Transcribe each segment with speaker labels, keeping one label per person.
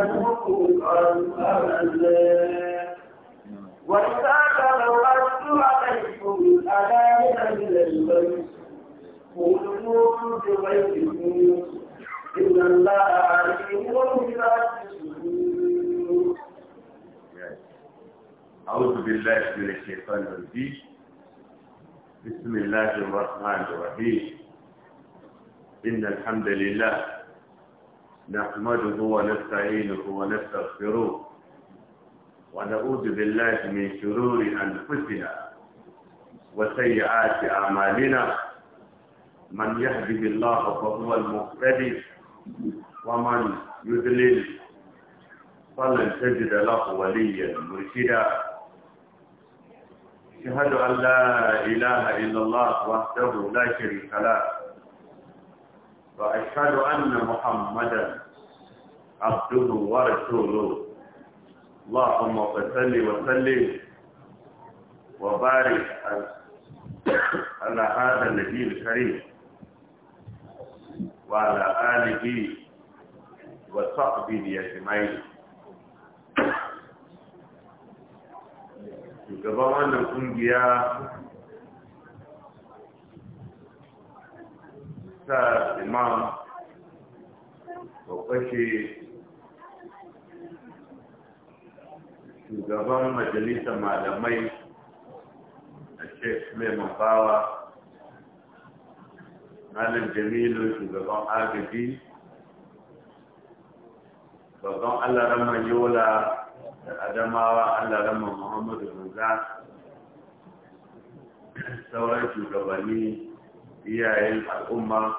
Speaker 1: أعوذ بالله
Speaker 2: من الشيطان الرجيم بسم الله الرحمن الرحيم إن الحمد لله نحمده ونستعينه ونستغفره ونعوذ بالله من شرور أنفسنا وسيئات أعمالنا من يهده الله فهو المقتدي ومن يذلل فلن تجد له وليا مرشدا اشهد ان لا اله الا الله وحده لا شريك له وأشهد أن محمدا عبده ورسوله اللهم صل وسلم وبارك على هذا النبي الكريم وعلى آله وصحبه أجمعين shugaban wannan kungiya sa imam kwakwace shugaban majalisar malamai a sheikh mai bawa malam jamilu shugaban agaji babban allaraman yola da adamawa allaraman muhammadu bunza sauran shugabanni إياه الأمة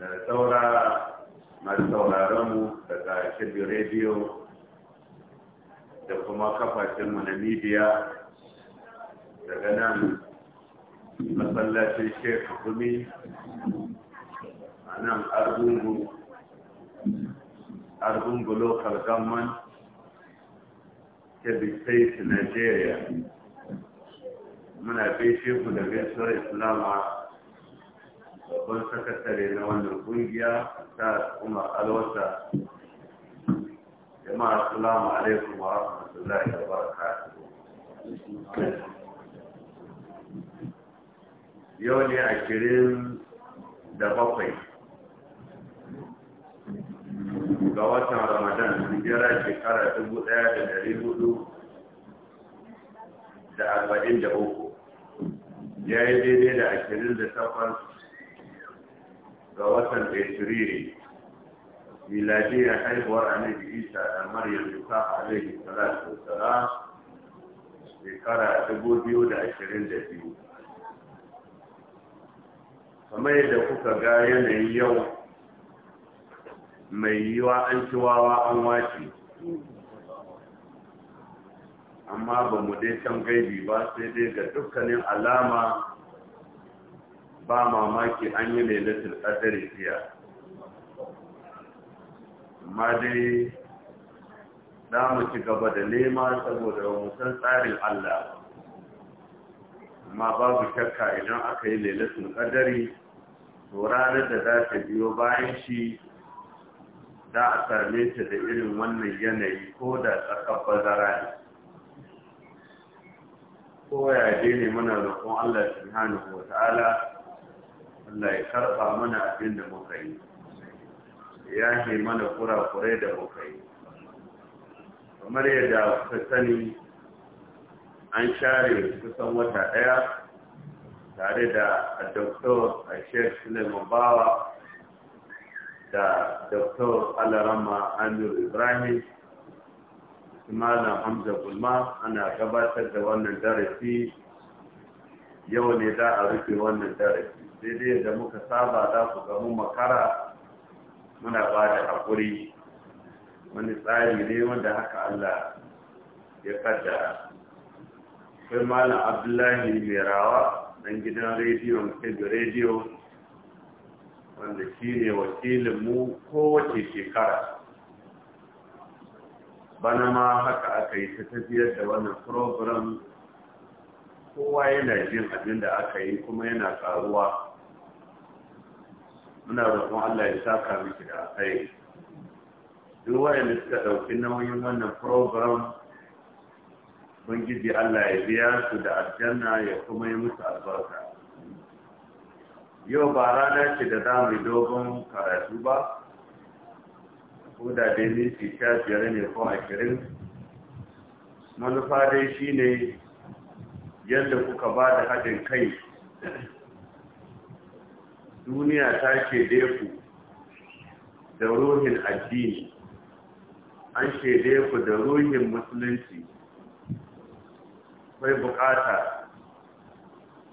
Speaker 2: نتورى ما تورى رمو تتا شبي ريديو تقوم أقفى نميديا نميبيا تغنان مصلى الشيخ حكومي أنا أرغب أرغب لوخ الغمان شبي سيس نيجيريا muna gaishe ku da gaisuwar islama babban sakatare na wannan kungiya ta umar alwata jama'a assalamu alaikum wa rahmatullahi wa barakatuh yau ne ashirin da bakwai ga watan ramadan hijira shekara dubu ɗaya da dari hudu da arba'in da uku ya yi daidai da ashirin da takwas ga watan Etiriri, miladiyar haihuwar annabi Isa da Maryam Yuka alaihi salatu wassalam shekara dubu biyu da ashirin da biyu. Kamar yadda kuka ga yanayin yau mai yiwa an ci wawa an wace. amma ba mu dai can gaibi ba sai dai ga dukkanin alama ba mamaki an yi lailatul qadari fiya amma dai za mu ci gaba da nema saboda mu san tsarin Allah amma babu shakka idan aka yi lailatul qadari to ranar da za ta biyo bayan shi za a same ta da irin wannan yanayi ko da tsakar bazara ne Koya ya ne muna roƙon Allah subhanahu wa ta'ala Allah ya karɓa mana abin da muka yi ya ke mana kurakurai da muka yi kamar yadda kuka sani an share kusan wata ɗaya tare da Dr. ashir suleiman bawa da Dr. alarama amir ibrahim Malam Hamza Gulma ana gabatar da wannan darasi yau ne za a rufe wannan darasi daidai da muka saba za ku gamu makara muna ba da haƙuri wani tsari ne wanda haka Allah ya kaddara sai Malam Abdullahi Merawa dan gidan rediyon Kebbi Rediyo wanda shi ne mu kowace shekara bana ma haka aka yi ta tafiyar da wannan program kowa yana jin abin da aka yi kuma yana karuwa muna roƙon Allah ya saka miki da akai duk wanda suka ɗauki nauyin wannan program bangiji Allah ya biya su da aljanna ya kuma yi musu albarka yau ba rana ce da za mu dogon karatu ba ko da dai minti sha biyar ne ko kirin manufa dai shi ne yadda kuka ba da haɗin kai duniya ta dai ku da ruhin addini an shaide ku da ruhin musulunci akwai bukata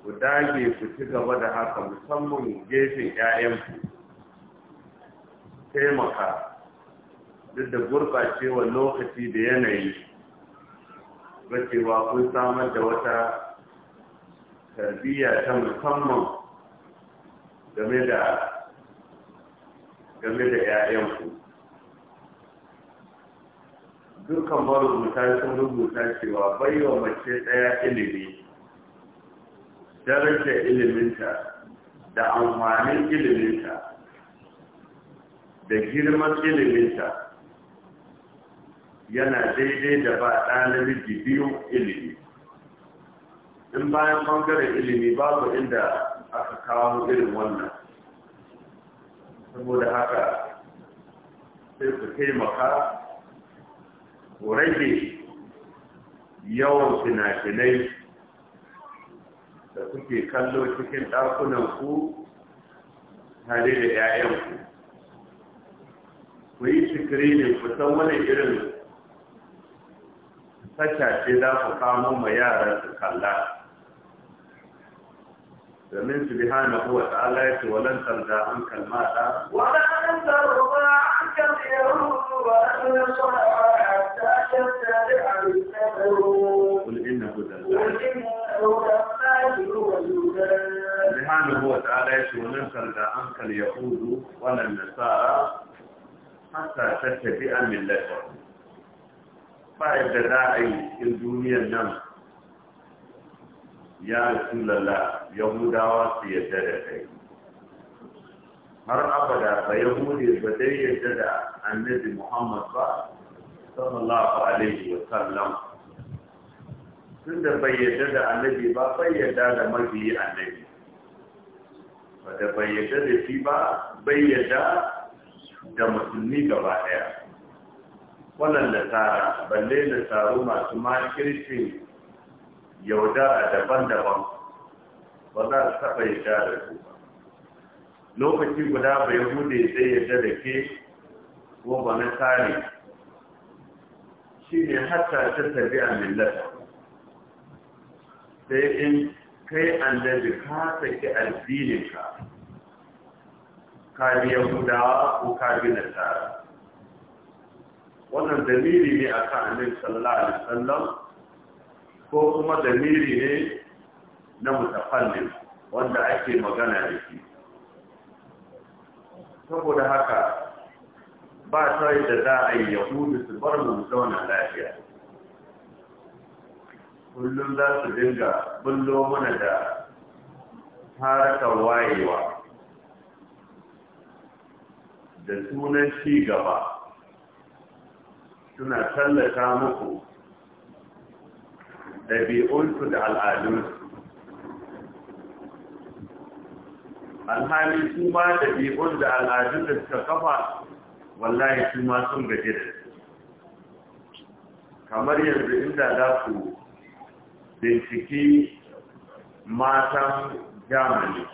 Speaker 2: ku dage ku ci gaba da haka musamman gefen 'ya'yanku taimaka duk da gurɓacewa lokaci da yanayi ba cewa kun samar da wata tarbiyya ta musamman game da game da 'ya'yanku dukkan marubuta sun rubuta cewa baiwa mace ɗaya ilimi daraja iliminta da amfanin iliminta da girman iliminta yana daidai da ba ɗa namiji biyu ilimi in bayan ɓangaren ilimi babu inda aka kawo irin wannan saboda haka sai ku taimaka ku rage yawan finafinai da kuke kallo cikin ɗakunanku tare da 'ya'yanku ku yi sikirinin ku san wani irin tasha ce za ku kamo ma yaran su kalla domin su bihana kuwa ta'ala ya ce walan tarda an kalma ta
Speaker 1: walan tarda an kalma wa
Speaker 2: an nasara hatta tattari
Speaker 1: al-sabru
Speaker 2: qul inna hudal
Speaker 1: سبحانه وتعالى
Speaker 2: وننكر أنك اليهود ولا النصارى حتى تتبع ملتهم ba yadda za a yi cikin duniyar nan ya rasulalla yahudawa su yadda da kai har abada ba yahudi ba zai yadda da annabi muhammad ba sallallahu alaihi wa sallam tun da bai yadda da annabi ba bai yadda da mabiyi annabi ba da bai yadda da shi ba bai yadda da musulmi gaba daya wannan da tara balle da taro masu makirci a daban-daban ba za su taɓa yi da ku ba lokaci guda bai hude zai yadda da ke ko ba na tare shi ne hatta ta tabi a millata sai in kai an da ka saki addininka ka biya gudawa ko ka bi nasara wannan dalili ne a kan annabi sallallahu alaihi ko kuma dalili ne na mutafallin wanda ake magana da shi saboda haka ba sai da za a yi yahudu su bar mu zauna lafiya kullum za su dinga bullo mana da harakar wayewa da sunan ci gaba suna tallata muku ɗabi'unsu da al'adunsu alhali su ma ɗabi'un da al'adun da suka kafa wallahi su ma sun gaje da su kamar yanzu inda za ku binciki matan germany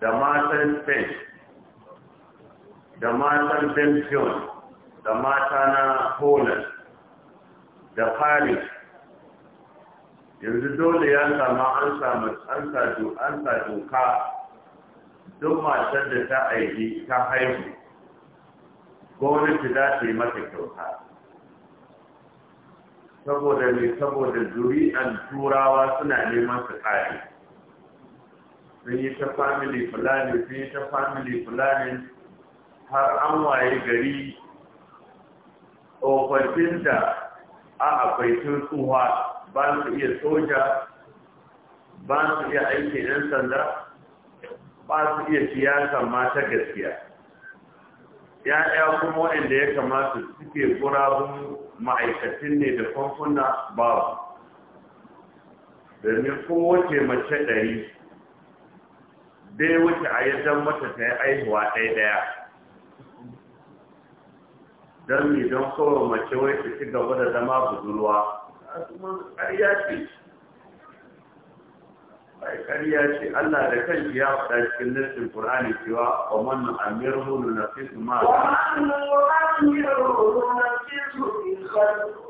Speaker 2: da matan spain da matan belgium da mata na Poland da Paris yanzu dole ya sama an samu an sadu an doka duk matar da ta aiki ta haihu gwamnati za ta yi mata kyauta saboda ne saboda zuri'an turawa suna neman su kare sun yi ta family planning sun yi ta family fulani har an waye gari tsofaffin da a akwai tsuwa ba su iya soja ba su iya aikin 'yan sanda ba su iya siyasa mata gaskiya ya'ya kuma waɗanda ya kamata suke gurabun ma'aikacin ne da kwamfuna babu domin kowace mace ɗari dai wuce a yadda mata ta yi aihuwa ɗaya ɗaya don mi don kawo mace wai su ci gaba da zama budurwa a kuma ƙarya ce ai ƙarya ce Allah da kanki ya faɗa cikin nassin Qur'ani cewa wa man amirhu nunafisu ma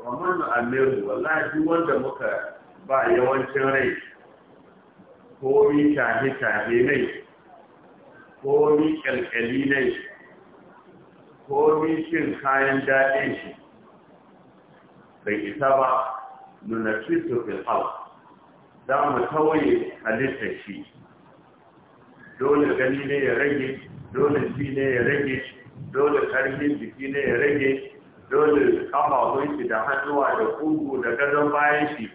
Speaker 2: wa man amirhu wallahi wanda muka ba yawancin rai ko mi shahe shahe ne ko mi kyalkyali ne Ko rikin kayan daɗin shi bai isa ba nuna fito fil za mu tawaye halittar shi dole gani ne ya rage dole ji ne ya rage dole karfin jiki ne ya rage dole kafafun shi da hannuwa da kugu da gadon bayan shi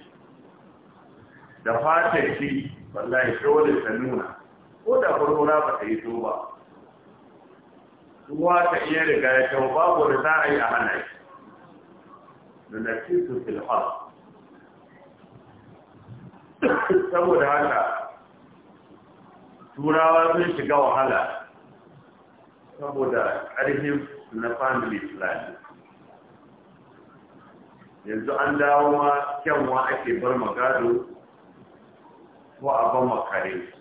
Speaker 2: da fatar shi wallahi dole ta nuna ko da kurkura ba ta yi so ba ruwa ta iya riga ya kyau babu da za a yi a hana shi da nasisu filhar saboda haka turawa sun shiga wahala saboda ƙarfin na family plan. yanzu an dawo ma kyanwa ake bar magado ko a ban makare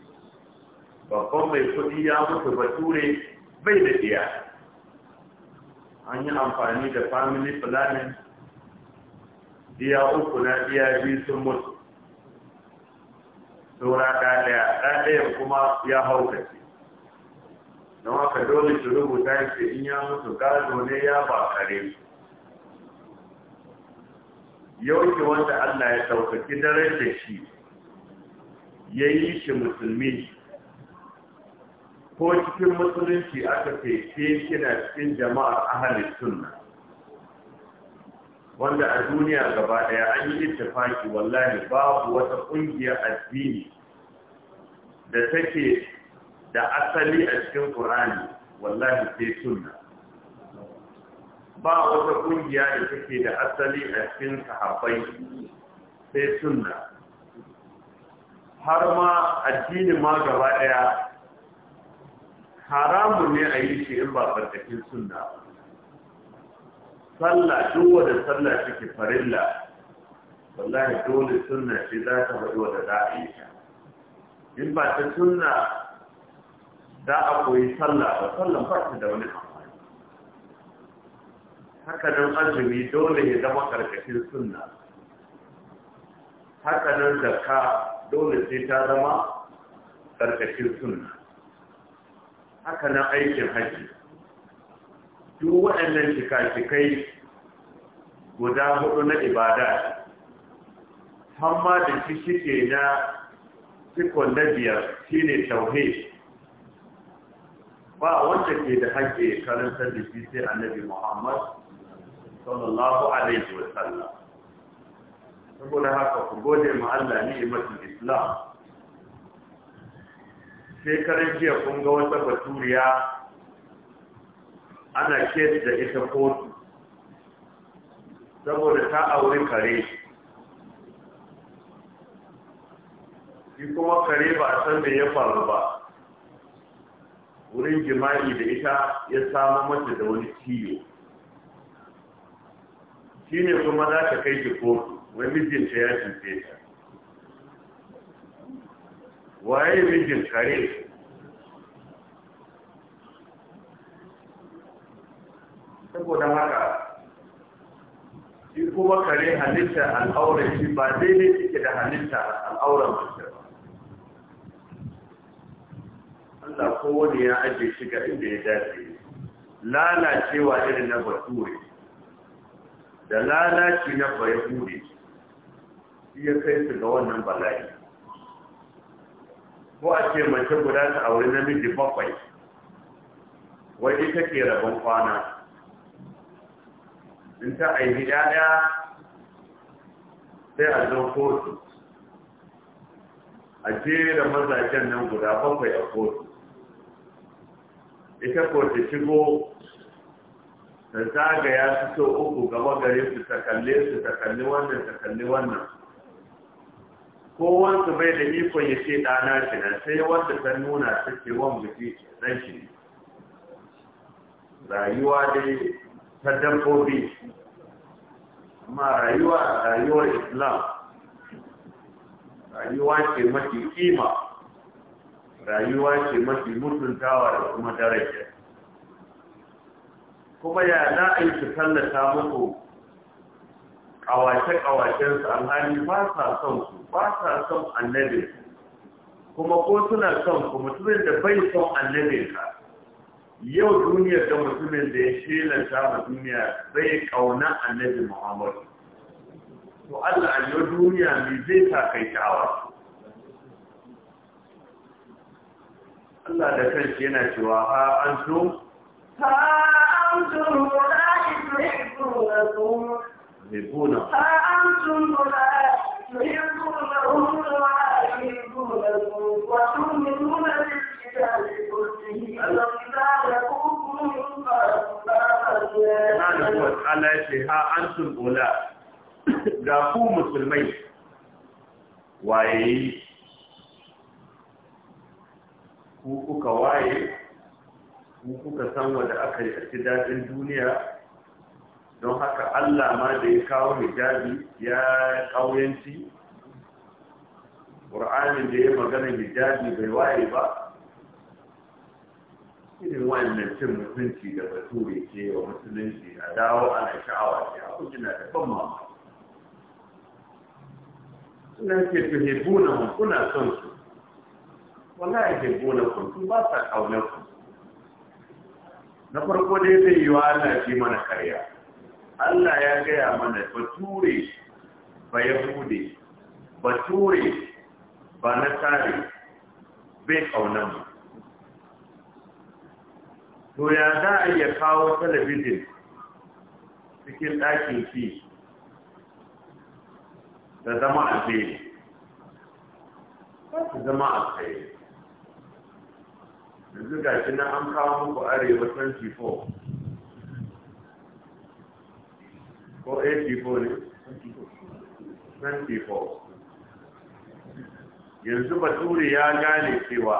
Speaker 2: babban mai kudi ya mutu bature bai da diya an yi amfani da family planning diya uku na diya biyu sun mutu saura ɗaya ɗaya kuma ya hau da ke don haka dole su rubuta yake in ya mutu gado ne ya ba kare yauke wanda Allah ya ɗaukaki daren da shi ya yi shi musulmi ko cikin musulunci aka ce ke kina cikin jama'ar ahalin sunna wanda a duniya gaba daya an yi ittifaki wallahi babu wata kungiyar addini da take da asali a cikin qur'ani wallahi sai sunna ba wata kungiya da take da asali a cikin sahabbai sai sunna har ma addini ma gaba daya haramun ne a yi shi in ba barkatun sunna sallah duk wanda sallah take farilla wallahi dole sunna shi za ta faɗi wanda za a yi in ba ta sunna za a koyi sallah ba sallan ba ta da wani amfani haka nan azumi dole ya zama karkashin sunna haka nan zakka dole sai ta zama karkashin sunna haka nan aikin haji duk waɗannan shika guda hudu na ibada hamma da shi shike na sikon na biyar shine tauhid ba wanda ke da haƙƙi karantar da shi sai annabi muhammad sallallahu alaihi wasallam saboda haka ku gode ma Allah imatin islam sai karin jiya kun ga wata baturiya ana ket da ita kotu saboda ta auri kare shi kuma kare ba a san da ya faru ba wurin jima'i da ita ya samu mace da wani ciwo shi ne kuma za ta kai ki kotu wani mijinta ya cuce ta waye mijin kare saboda haka shi kuma kare halitta al'aurar shi ba daidai suke da halitta al'aurar mace ba Allah kowane ya ajiye shi ga inda ya dace lalacewa irin na bature da lalaci na bayahude shi ya kai su ga wannan bala'i ko a ce mace guda ta auri namiji bakwai wai ita ke rabon kwana in ta aiki ɗaya sai a zo kotu a da mazajen nan guda bakwai a kotu ita ko ta shigo ta zagaya su so uku gaba gare su ta su ta kalli wannan ta kalli wannan su bai da ikon ya ce ɗana shi na sai wanda ta nuna ta ce wan mutu ɗan shi rayuwa dai ta dabbobi amma rayuwa rayuwar islam rayuwa ce mafi kima rayuwa ce mafi mutuntawa da kuma darajar. kuma ya za a yi su tallata muku kawace-kawacensu alhali ba sa son su ba sa son annabi, kuma ko suna son ku mutumin da bai son annabinka, ka yau duniyar da mutumin da ya shela ma duniya bai kauna annabi muhammad to allah a yau duniya mai zai ta kai sha'awa allah da kanshi yana cewa ha an so
Speaker 1: ha an so na تحبون فأنتم ولا تحبونهم وتؤمنون بالكتاب كله الكتاب كلكم سبحانه
Speaker 2: وتعالى ce ha an sulbula ga ku san aka yi a daɗin duniya don haka Allah ma da ya kawo hijabi ya kauyanci ƙur'anin da ya magana hijabi bai waye ba irin wannan cin mutunci da bature ke wa musulunci a dawo
Speaker 3: ana sha'awa ke a kujina da ban mamaki
Speaker 2: suna ke tuhibbuna mu kuna son su wallahi tuhibbuna ku sun ba sa kaunar ku na farko dai zai yi wa Allah shi mana karya Allah ya gaya mana bature ba ya bude bature ba na tare bai kaunan ba to ya za a iya kawo talabijin cikin ɗakin ki da zama a tsaye su zama a tsaye yanzu ga shi na an kawo muku arewa 24 ko 84 ne 24 yanzu bature ya gane cewa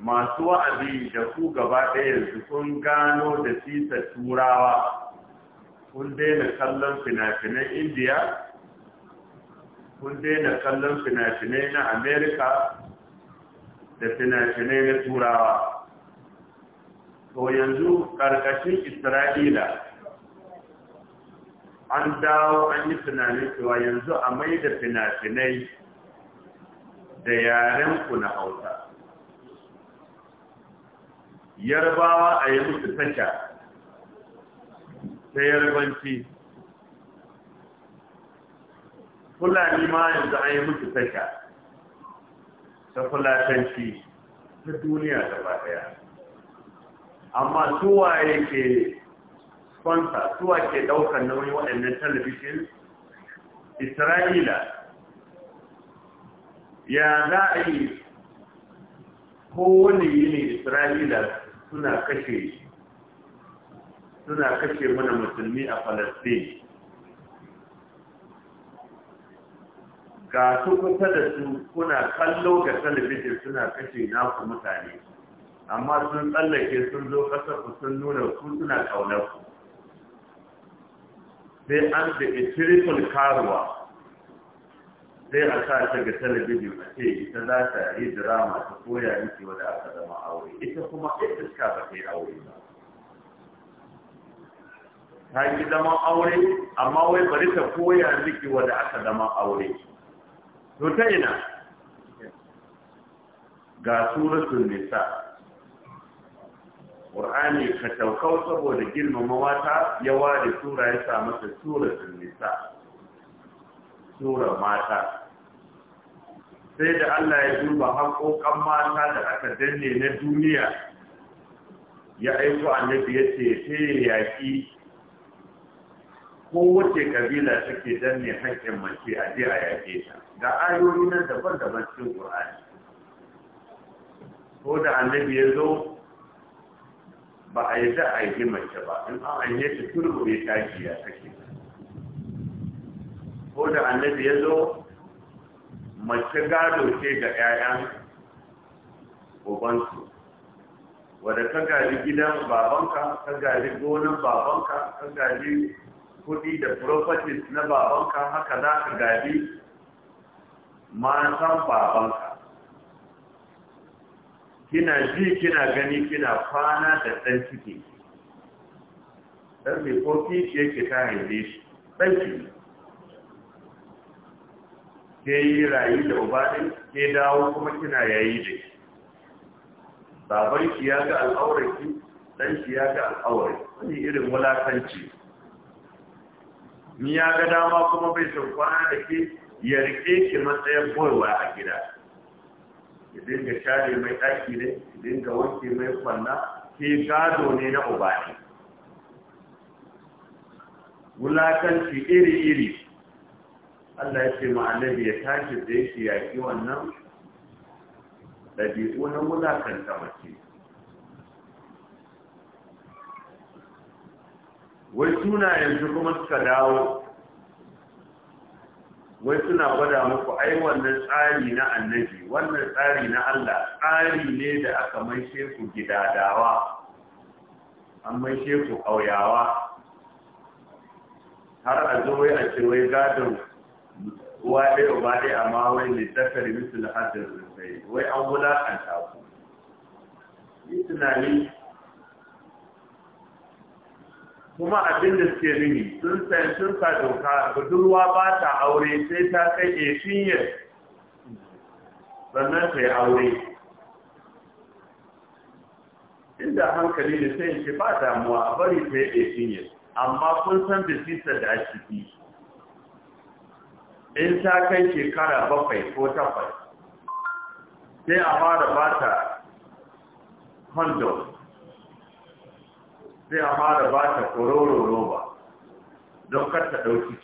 Speaker 2: masu wa'azi da ku gaba ɗaya sun gano da sisa turawa kun daina kallon fina-finan indiya kun daina kallon fina-finai na amerika da fina-finai na turawa to yanzu ƙarƙashin isra'ila an dawo an yi tunanin cewa yanzu a mai da finafinai da yarenku na hauta. yarbawa a yi musu tasha ta yarbanci fulani ma yanzu an yi musu tasha ta fulatanci ta duniya da ba daya amma su ke sponsor suwa ke daukar nauyin waɗannan talibishin isra'ila ya za a yi kowane yini isra'ila suna kashe suna kashe mana musulmi a falastin ga su kusa da su kuna kallo ga talabijin suna kashe naku mutane amma sun tsallake sun zo ƙasar sun nuna ku suna ƙaunar ku sai an da itirikul karuwa sai a sa ta ga talabijin a ce ita za ta yi drama ta koya miki wadda aka zama aure ita kuma ita ka ba ta yi aure ba ta yi zama aure amma wai bari ta koya miki wadda aka zama aure to ta ina ga suratun nisa ƙur'ani ka taukau saboda girmama mata ya ware sura ya sa masa sura nisa sura mata sai da Allah ya duba haƙoƙan mata da aka danne na duniya ya aiko annabi ya ce ta yaƙi kowace kabila take danne haƙƙin mace a je a yaƙe ta ga ayoyi nan daban-daban cikin ƙur'ani ko da annabi ya zo ba a yi za a yi mace ba in an an yi ta turbe tashi ya take ko da annabi ya zo mace gado ce ga 'ya'yan ubansu wadda ka gari gidan babanka ka gaji gonan babanka ka gaji kudi da properties na babanka haka za ka gaji matan babanka kina ji kina gani kina kwana da ɗan ciki ɗan mai ko ce ta haife shi ɗan ciki ke yi rayu da ubani, ke dawo kuma kina yayi da shi baban shi ya ga al'aurarki ɗan shi ya ga al'aurar wani irin wulakanci ni ya ga dama kuma bai son kwana da ke yarke ki matsayin boyewa a gida ya dinga share mai daki ne ya dinga wanke mai kwanna ke gado ne na ubani ne wulakanci iri-iri Allah ya ce ma'anabi ya tashi da yake ki wannan ɗabi'u na wulakanta mace wai suna yanzu kuma suka dawo wai suna gwada muku ai wannan tsari na annabi wannan tsari na Allah tsari ne da aka maishe ku gidadawa an maishe ku ƙauyawa har a zo wai a ce wai gadon uwa ɗaya ba ɗaya amma wai littafin da hadin rufai wai an wulaƙanta ku yi tunani kuma abin da suke rini sun san sun ka doka budurwa ba ta aure sai ta kai 18 years sannan ka yi aure inda hankali ne sai ce ba damuwa a bari ka yi ɗaya amma kun san sisa da ake fi in ta kai shekara bakwai ko takwas sai a fara ba ta condom sai a fara ba ta kororo roba don karta ɗauki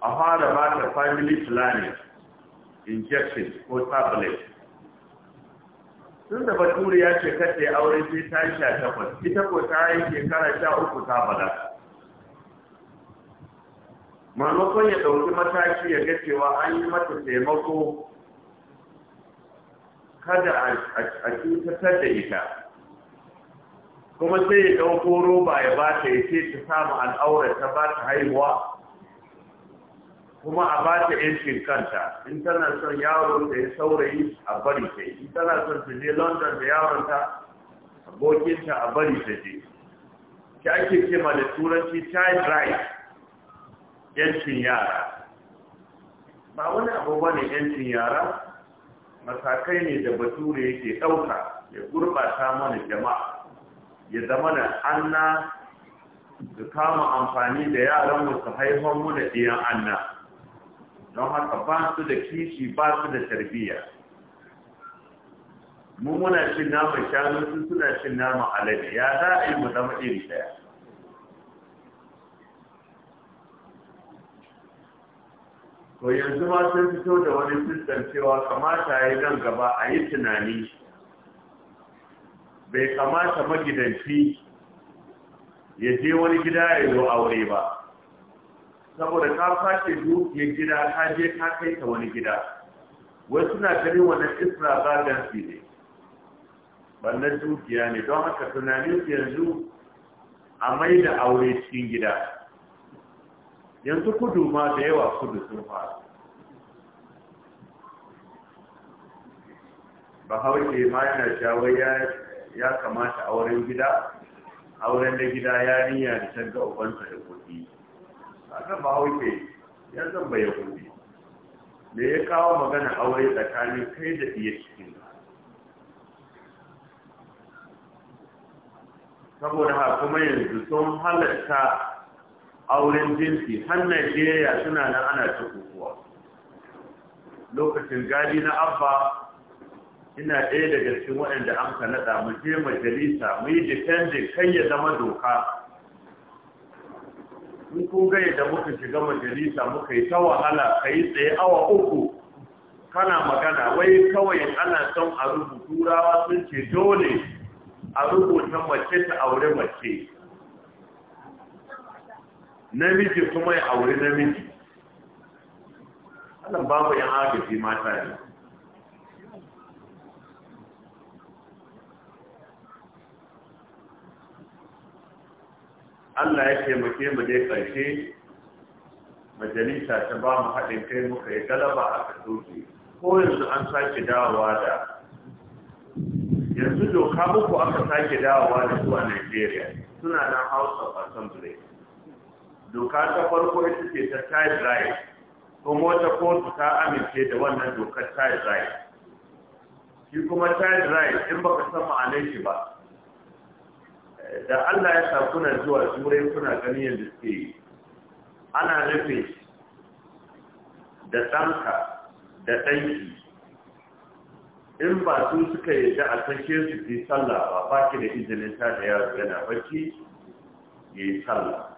Speaker 2: a fara ba ta family planning injection ko tablet tun da bature ya ce kace aure sai ta yi sha takwas ita ko ta yi shekara sha uku ta bada maimakon ya ɗauki mataki ya ga cewa an yi mata taimako kada a cutatar da ita kuma sai ya ɗauko roba ya ba ta ya ce ta samu al'aurar ta ba ta haihuwa kuma a ba ta yancin kanta in tana son yawon da ya saurayi a bari ta in tana son ta je london da yaron ta abokin ta a bari ta je ki ake ma da turanci child right yankin yara ba wani abu ba ne yankin yara matakai ne da bature yake ɗauka ya gurɓata mana jama'a ya zama da anna su kama amfani da yaran mu su haifar mu da ɗiyan anna don haka ba su da kishi ba su da tarbiyya mu muna cin naman shanu su suna cin nama alade ya za a yi mu zama iri daya to yanzu ma sun fito da wani sistan cewa kamata ya yi nan gaba a yi tunani bai kamata magidanci ya je wani gida ya yi aure ba saboda ka sake dukiyar gida ka je ka kai ta wani gida wai suna ganin wannan isra bagansi ne Bannan dukiya ne don haka tunanin yanzu a mai da aure cikin gida yanzu kudu ma da yawa kudu sun faru bahaushe ma yana jawo ya kamata auren gida auren na gida yarinya da canza ubansa da kuɗi kaga ba hauke ya zan bai yahudi da ya kawo magana aure tsakanin kai da iya cikin saboda ha kuma yanzu sun halarta auren jinsi har najeriya suna nan ana cikukuwa lokacin gadi na abba ina ɗaya daga cikin waɗanda an ka naɗa mu je majalisa mu yi kan ya zama doka in kun gaya da muka shiga majalisa muka yi ta wahala ka yi tsaye awa uku kana magana wai kawai ana son a rubuta rawa sun ce dole a rubuta mace ta aure mace namiji kuma ya aure namiji ba babu yan agaji mata ne Allah ya taimake mu dai ƙarshe majalisa ta ba mu haɗin kai muka yi galaba a katoke ko yanzu an sake dawowa da yanzu doka muku aka sake dawowa da a Najeriya suna nan House of Assembly doka ta farko ita ce ta child right kuma wata kotu ta amince da wannan dokar tie right shi kuma tie right in baka san ma'anar shi ba da Allah ya sa kuna zuwa turai kuna gani yadda suke ana rufe da ɗanka da ɗanki in ba su suka yi da a sake su fi sallah ba ba ki da izinin ta da yaro yana bacci ya yi sallah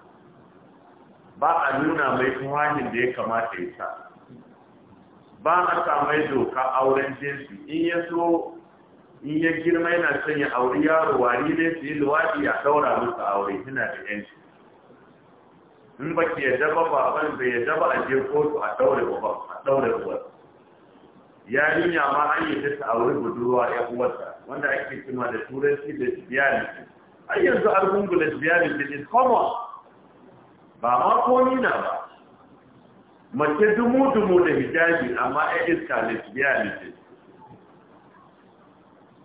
Speaker 2: ba a nuna mai kuwanin da ya kamata ya sa ba a sa doka auren jinsi in ya so in ya girma yana son ya auri yaro wari ne su yi luwaɗi ya ɗaura musu aure suna da yanci in ba ki yadda ba ban bai yadda ba a je kotu a ɗaure ba a ya yi ya ma an yi ta aure budurwa ya uwarsa wanda ake cima da turanci da jibiyani a yanzu an rungu lesbianism is common ba ma ko nina ba mace dumu-dumu da hijabi amma ya iska lesbianism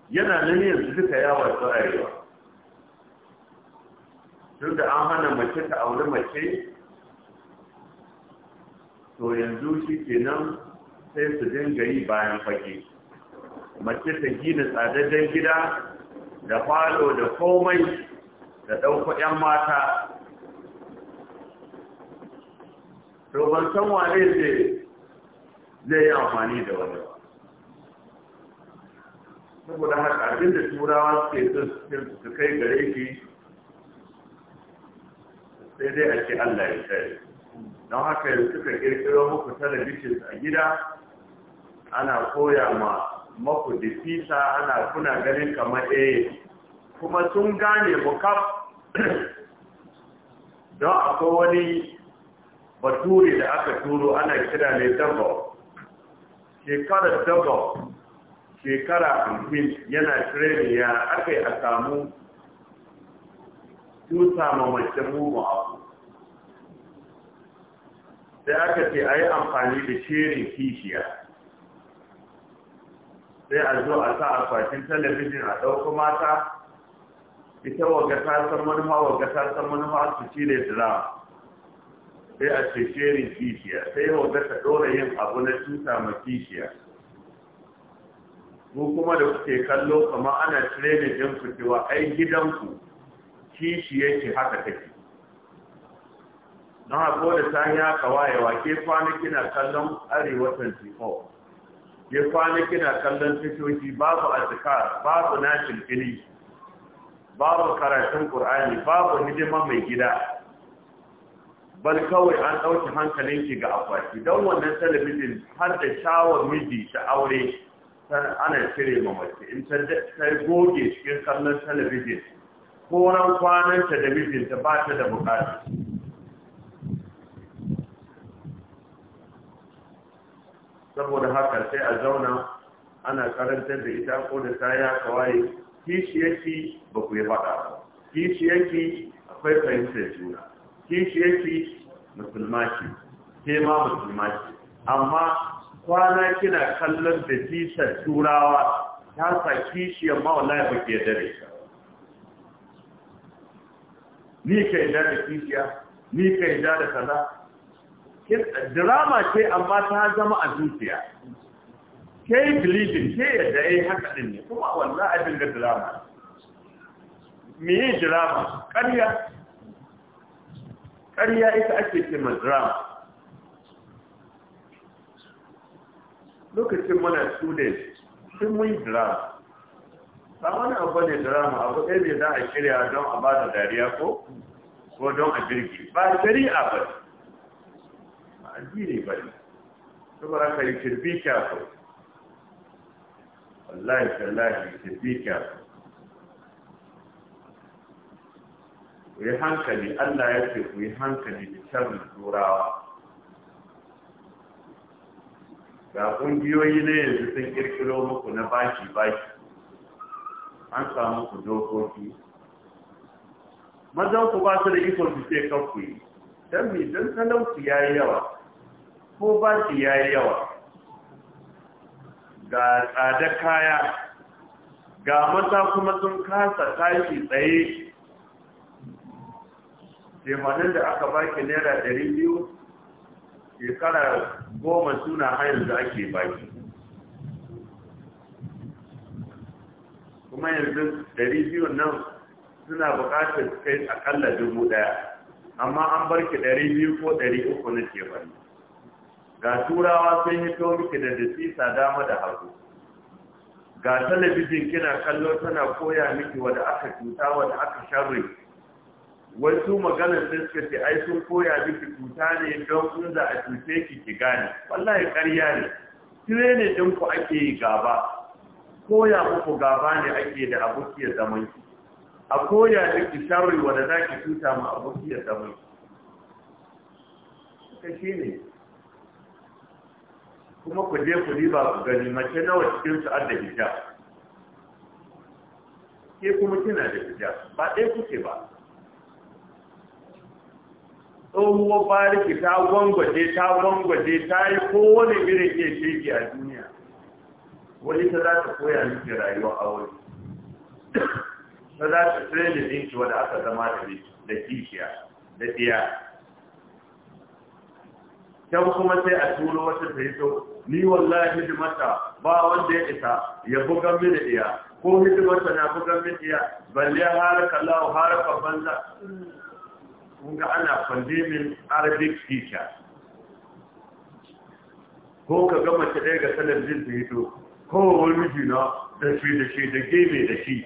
Speaker 2: yana nan yanzu duka yawa wasu tun da an hana mace ta auri mace to yanzu shi kenan sai su dinga yi bayan fage mace ta gina tsadadden gida da falo da komai da ɗauko 'yan mata to ban san wane zai yi amfani da wani saboda haka abin da turawa suke sun su kai gare shi sai dai a ce allah ya kai don haka yanzu suka kirkiro muku talabijin a gida ana koya ma maku da fisa ana kuna ganin kamar eh kuma sun gane bukab don akwai wani baturi da aka turo ana kira ne dabba shekarar dabba shekara hamsin yana training ya aka yi a samu tuta ma mace mugu abu sai aka ce a yi amfani da shirin kishiya sai a zo a sa akwatin talabijin a ɗauko mata ita waga ta san manufa waga ta san manufa su da drama sai a ce shirin kishiya sai waga ta ɗora yin abu na tuta ma kishiya Mu kuma da kuke kallo kamar ana cire da ku cewa ai gidanku kishi yake haka take Na haƙo da ta ya ke kwana kina kallon arewa 24 ke kwana kina kallon tashoshi babu azkar babu nashin fili babu karatun ƙur'ani babu hidima mai gida bal kawai an ɗauki hankalinki ga akwati don wannan talabijin har da shawar miji ta aure ana cire ma mace in ta goge cikin kallon talabijin ko ran kwanan ta da mijinta ba ta da bukata saboda haka sai a zauna ana karantar da ita ko da ta ya kawai yake ba ku yi faɗa ba yake akwai fahimtar juna kishiyarki musulma musulmaci ke ma musulma ke. amma kwana kina kallon da jisar turawa ta sa kishi amma wallahi ba ke dare ka ni ka yi da kishiya ni ka yi da kaza drama ce amma ta zama a zuciya ke yi bilibin ke yadda ya eh, yi haka ɗin ne kuma wallahi abin da drama me yi drama ƙarya ƙarya ita ake ce ma drama lokacin muna student sun mun drama ba wani abu ne drama abu ɗaya ne za a shirya don a ba da dariya ko ko don a jirgi ba a shari a ba a ne ba ne saboda ka yi kirbi kyafu wallahi tallahi kirbi kyafu ku yi hankali allah ya ce ku yi hankali da sharri turawa ga kungiyoyi na yanzu sun kirkiro muku na baki baki an samu ku dokoki mazan ku ba su da ikon su ce kan yi don mi don talauci ya yi yawa ko baki ya yi yawa ga tsada kaya ga mata kuma sun kasa tashi tsaye temanin da aka baki naira biyu shekara goma suna har da ake baki kuma yanzu dari biyu nan suna bukatar kai akalla dubu ɗaya amma an bar ki ɗari biyu ko ɗari uku na ke bari ga turawa sun yi miki da disisa dama da hagu ga talabijin kina kallo tana koya miki wadda aka cuta wadda aka sharri wai su maganar da suka ce ai sun koya miki cuta ne don in za a cuce ki ki gane wallahi ƙarya ne tire ne din ku ake yi gaba koya muku gaba ne ake da abokiyar zaman ki a koya miki sharri wanda za ki cuta ma abokiyar zaman ki ka shi ne kuma ku je ku riba ku gani mace nawa cikin su adda hijab ke kuma kina da hijab ba ɗaya kuke ba tsohuwar fariki ta gwangwaje ta gwangwaje ta yi kowane irin ke shege a duniya wani ta za ta koya miki rayuwa a wani ta za ta tsaye da zinci wadda aka zama da kishiya da ɗiya ta kuma sai a turo wata ta yi so ni wallahi mata ba wanda ya isa ya bugan mini iya ko hidimarta na bugan mini iya balle haraka lawo haraka banza Kunga ga ana condemning arabic teacher ko ka gama ta ɗaya ga talabijin ta hito ko wani miji da shi da shi da gebe da shi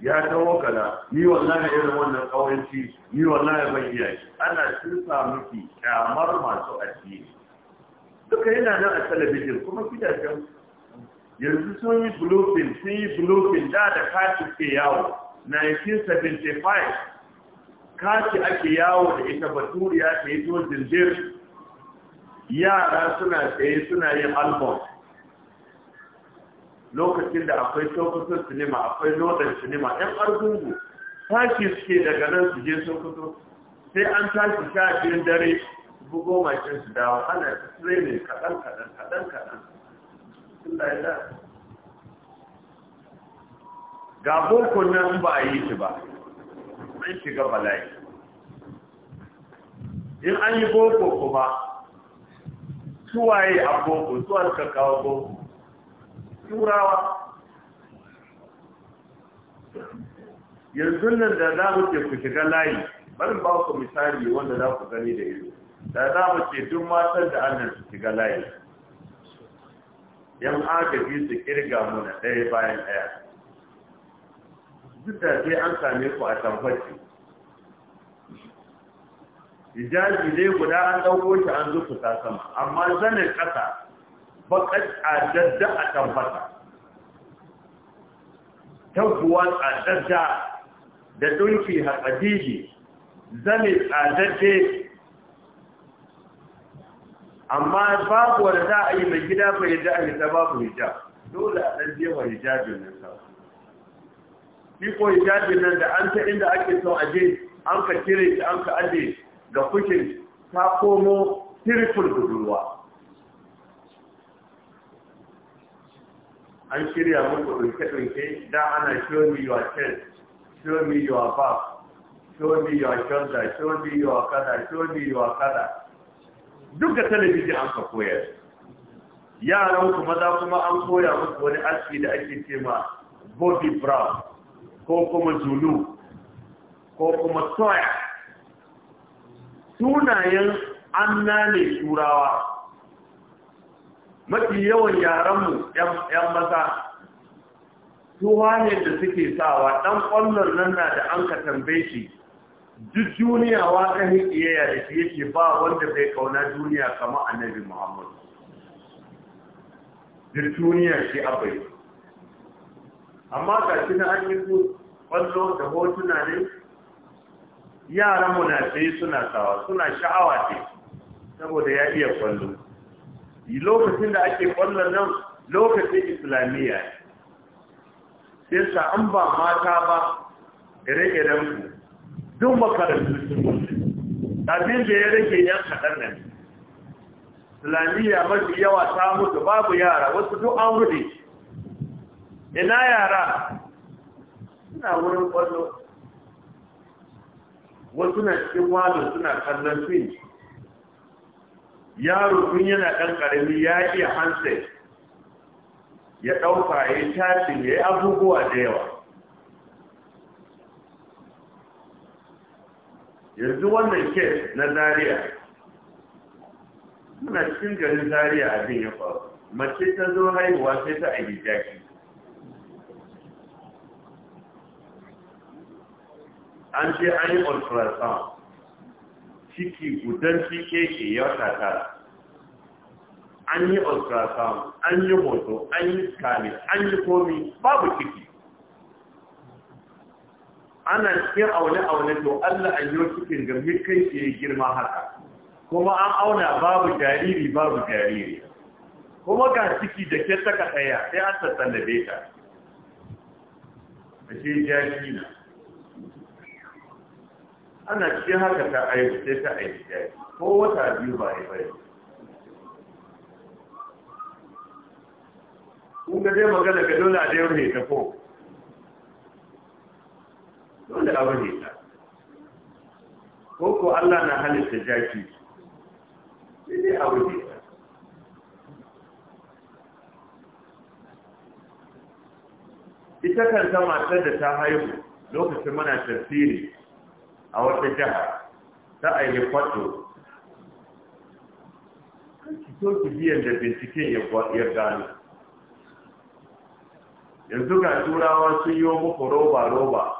Speaker 2: ya tawo kala ni wallahi irin wannan kawanci ni wallahi ban iya shi ana sirfa miki kyamar masu addini duka yana nan a talabijin kuma gidajen yanzu sun yi blueprint sun yi blueprint da da kati ke yawo 1975 kashi ake yawo da ita baturiya ta yi to jirgin yara suna tsaye suna yin album lokacin da akwai sokoto sinima akwai northern sinima yan argungu tashi suke daga nan su je sokoto sai an tashi sha biyun dare bugo mashin su dawo ana training kaɗan kaɗan kaɗan kaɗan ya ga boko nan ba a yi shi ba an shiga bala'i in an yi boko kuma suwaye a boko suwa ka kawo boko turawa yanzu nan da za mu ce ku shiga layi bari ba ku misali wanda za ku gani da ido da za mu ce duk matan da annan su shiga layi yan agaji su kirga na ɗaya bayan ɗaya duk da sai an same ku a tambaci hijabi ne guda an ɗauko shi an ta sama amma zanin ƙasa baƙar tsadadda a tamfata a tsadadda da dunki haƙadiji zane tsadadde amma babu wanda za a yi mai gida bai da a babu hijab dole a ɗan jewa hijabin nan sama shi ko hijabin nan da an ta inda ake so a je an ka kire shi an ka aje ga kushin ta komo tirifin budurwa an shirya muku ɗunke-ɗunke da ana show me your chest show me your back show me your shoulder show me your kada show me your kada duk da talabijin an ka koyar yaran kuma za kuma an koya muku wani aski da ake cewa body brown ko kuma zulu ko kuma soya sunayen anna ne turawa mafi yawan yaranmu 'yan maza tuwa ne da suke sawa dan kwallon nan na da an ka tambaye shi duk duniya wa ta da shi yake ba wanda bai kauna duniya kamar annabi muhammadu duk duniya shi abai amma ga shi na an yi kwallo da hotuna ne yaran mu suna sawa suna sha'awa ce saboda ya iya kwallo lokacin da ake kwallon nan lokacin islamiyya sai sa an ba mata ba ire-iren ku duk makarantu sun abin da ya rage yan kaɗan nan islamiyya mafi yawa ta mutu babu yara wasu duk an rude ina yara
Speaker 1: suna wurin kwallo
Speaker 2: wasu na cikin walo suna kallon fin yaro tun yana ɗan ƙarami ya iya hansai ya ɗauka ya yi tashin ya yi abubuwa da yawa yanzu wannan ke na Zariya. muna cikin garin Zariya abin ya faru mace ta zo haihuwa sai ta aiki jaki an ce an yi ultrasound ciki gudan cike ya wata an yi ultrasound an yi hoto an yi scanning an yi komi babu ciki ana cikin aune-aune to Allah an yi cikin ga kai ke girma haka kuma an auna babu jariri babu jariri kuma ga ciki da ke saka daya sai an tattalabe ta a ce jariri na ana cikin haka ta aiki sai ta aiki ta yi ko wata biyu ba ya bai kun ga dai magana ga dole a dai rufe ta ko dole a rufe ta ko ko Allah na halitta jaki sai dai a rufe ta ita kan matar da ta haihu lokacin mana tafsiri a wata jiha ta a yi kwato so ku biyan da binciken ya gano yanzu ga turawa sun yi muku roba-roba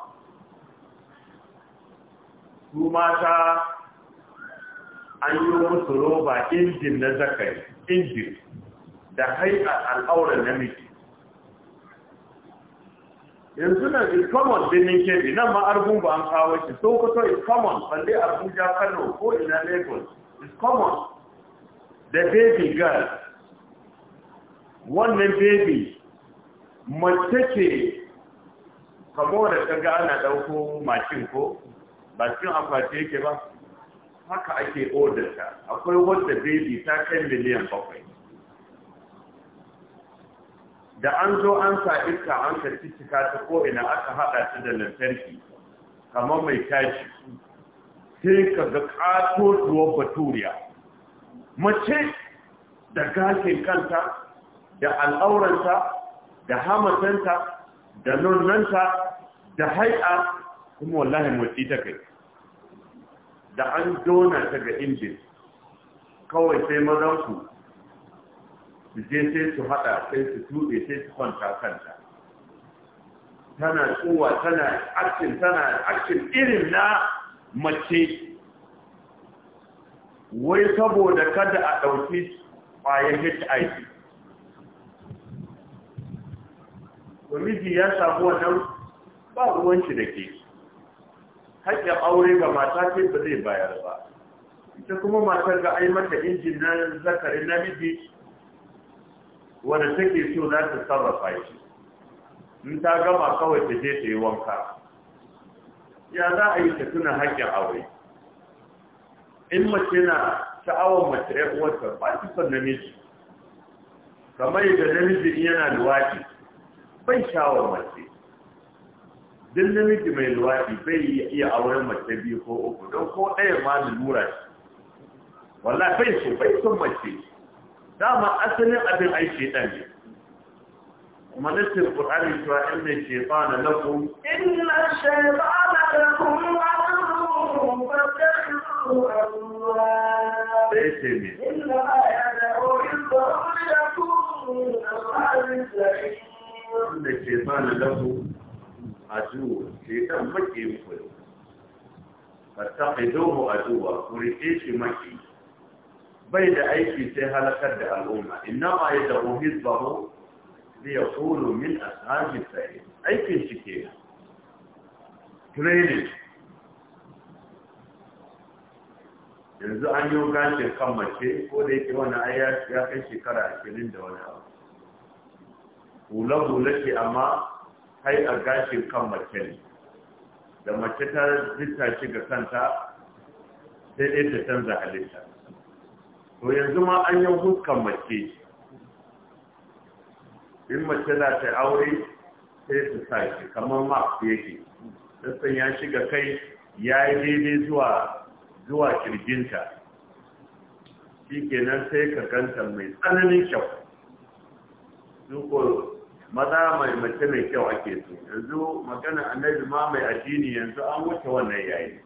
Speaker 2: su mata an yi musu roba injin na zakari injin da haika al'aurar namiji yanzu nan is common birnin kebe nan ma argungu an kawo shi sokoto is common balle abuja kano ko ina lagos is common the baby girl wannan baby mace ce kamo da kaga ana dauko mashin ko ba cikin akwati yake ba haka ake order ta akwai wadda baby ta kai miliyan bakwai da an zo an sa iska an karfi cika ta ko'ina aka haɗa ta da lantarki kamar mai tashi sai ka ga ƙatotuwar baturiya mace da gashin kanta da al'auranta da hamatanta da nunanta da hai'a kuma wallahi motsi ta kai da an dona ta ga injin kawai sai mazansu su je sai su haɗa sai su tuɗe sai su kwanta kanta tana tsuwa tana action tana irin na mace wai saboda kada a ɗauki ƙwayar hiv kwamiji ya samu wannan ba ruwanci da ke haƙƙin aure ga mata ce ba zai bayar ba ita kuma matar ga ai mata injin na zakari namiji wadda take so za ta sarrafa shi in ta gama kawai ta je ta yi wanka ya za a yi ta tuna haƙƙin aure in mace na sha'awar mace ya uwarta ba ta son namiji kamar yadda namiji yana luwaɗi bai sha'awar mace duk namiji mai luwaɗi bai iya auren mace biyu ko uku don ko ɗaya ma lura shi wallah bai so bai son mace dama asalin abin ai shaitan ne kuma nassin qur'ani cewa inna shaytana lakum
Speaker 1: inna shaytana lakum aduwwun fattakhidhuhu Allah sai ce ne inna yad'u ila inna
Speaker 2: shaytana lakum aduwwun shaytan maki a fattakhidhuhu aduwwa kurike shi maƙe. bai da aiki sai halakar da al'umma inna ma ya da ohis babu da ya kolo min a sai aikin shi ke training yanzu an yi gashin kan mace ko da yake wani ayya ya kai shekara ashirin da wani abu hula-hula amma hai a gashin kan mace ne da mace ta zita shiga kanta sai ɗaya ta canza halitta to yanzu ma an yi huskan mace in mace za ta aure sai su sa shi kamar su yake sassan ya shiga kai ya yi daidai zuwa zuwa kirjinta shi kenan sai ka ganta mai tsananin kyau duko maza mai mace mai kyau ake so yanzu magana annabi ma mai addini yanzu an wuce wannan yayi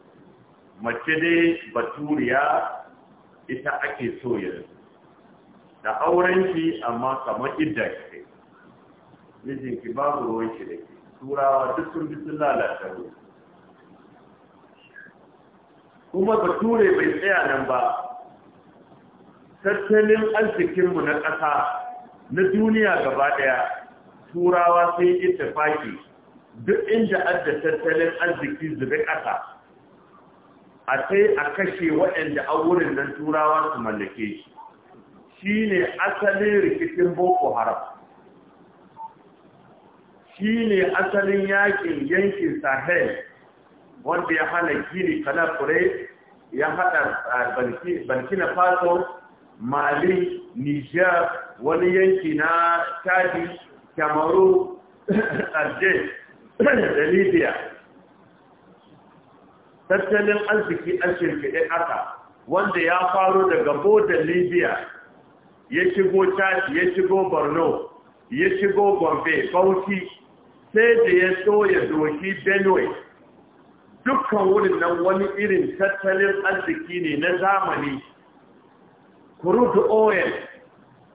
Speaker 2: mace dai baturiya ita ake so yanzu da auren shi amma kamar idda ke mijin ki babu ruwan shi da ke turawa duk sun bi sun lalata ruwa kuma bature bai tsaya nan ba tattalin arzikinmu na ƙasa na duniya gaba ɗaya turawa sai faki, duk inda adda tattalin arziki zube ƙasa a sai a kashe waɗanda a wurin nan turawa su mallake shi shi ne asalin rikicin boko haram shi ne asalin yakin yankin sahel wanda ya hana gini kanafure ya hada na faso mali niger wani yanki na chadi cameroon algeria da libya tattalin arziki an shirfiɗe aka wanda ya faru daga boda libya ya shigo chad ya shigo borno ya shigo gombe bauchi sai da ya so ya doki benue dukkan wurin nan wani irin tattalin arziki ne na zamani crude oil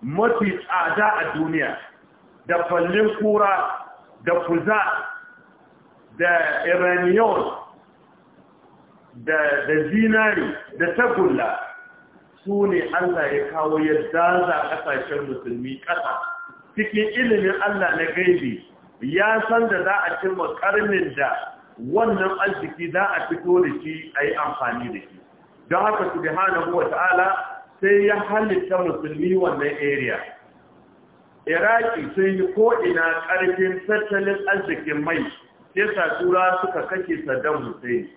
Speaker 2: mafi tsada a duniya da fallin kura da kuza da iranian da zinari da tagulla su ne Allah ya kawo ya daza ƙasashen musulmi ƙasa cikin ilimin Allah na gaibi ya san da za a cimma ƙarnin da wannan arziki za a fito da shi a yi amfani da shi don haka su wa wata'ala sai ya halitta musulmi wannan area iraki sun yi ko'ina ƙarfin tattalin arzikin mai sai sa tura suka kashe saddam hussein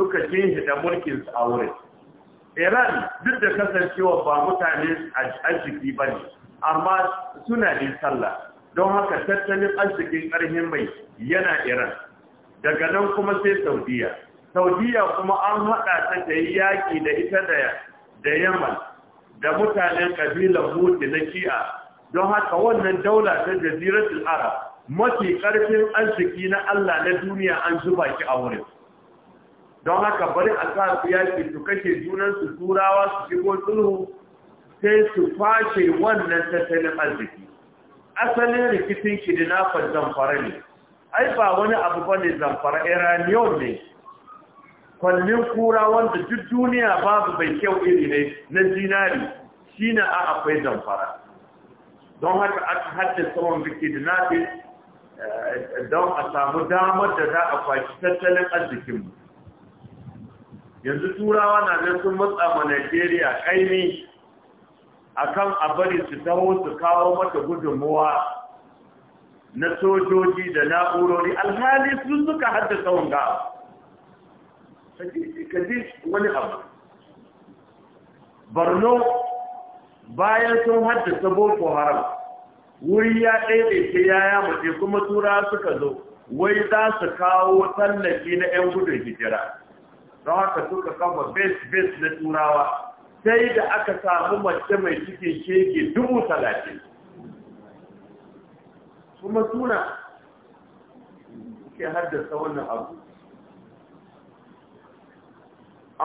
Speaker 2: suka da mulkin a wurin iran duk da kasancewa ba mutane arziki ba ne amma suna ne sallah don haka tattalin arzikin ƙarfin mai yana iran daga nan kuma sai saudiya saudiya kuma an haɗa ta da yaƙi da ita da yaman da mutanen ƙabilar hutu na shi'a don haka wannan daula ta jaziratul arab mafi ƙarfin arziki na allah na duniya an zuba ki a wurin don haka bari a sa su yaki su kashe junansu turawa su shigo sulhu sai su fashe wannan tattalin arziki asalin rikicin kidnapper zamfara ne ai ba wani abu ba ne zamfara iraniyon ne kwallin kura wanda duk duniya babu bai kyau iri ne na zinari shi na a akwai zamfara don haka aka haddasa wanda kidnapping eh, don a samu damar da za a kwashi tattalin arzikinmu yanzu turawa na da sun matsa ma Najeriya kaini akan a bari su taho su kawo mata gudunmuwa na sojoji da na'urori alhali sun suka haddasa wanga kaji wani abu barno bayan sun haddasa boko haram wuri ya ɗaiɗaice ya mace kuma tura suka zo wai za su kawo tallafi na 'yan gudun hijira don haka suka kama base-base na turawa sai da aka samu mace mai cike shege dubu talatin kuma suna ke haddasa wannan abu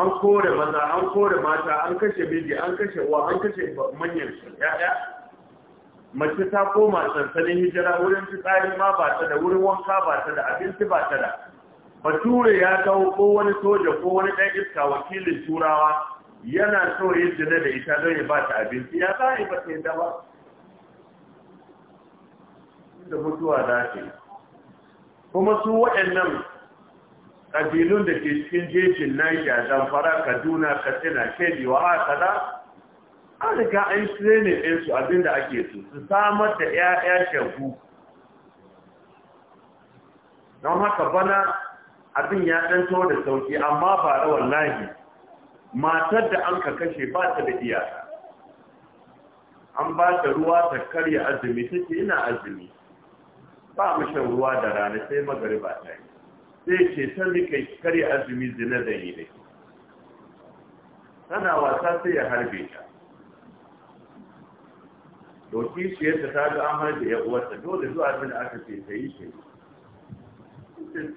Speaker 2: an kore maza an kore mata an kashe biji an kashe uwa an kashe manyan ya'ya mace ta koma sansanin hijira wurin fitsari ma ba ta da wurin wanka ba ta da abinci ba ta da bature ya kawo ko wani soja ko wani ɗan iska wakilin turawa yana so ya jina da ita don ya ba ta abinci ya za a yi ba
Speaker 1: ta da ba
Speaker 2: inda mutuwa za ta kuma su waɗannan ƙabilun da ke cikin jejin naija zamfara kaduna katsina shedi wa haka an riga an ne ɗinsu abinda ake so su samar da 'ya'ya shagu don haka bana abin ya ɗanto da sauki amma ba da wallahi matar da an ka kashe ba ta da iyaka an ba ta ruwa ta karya azumi take ina azumi ba mu shan ruwa da rana sai magariba ta yi sai ce ta nika karya azumi zina da yi ne tana wasa sai ya harbe ta doki shi yadda ta ga an harbe ya uwarta dole zuwa abin da aka ce ta yi shi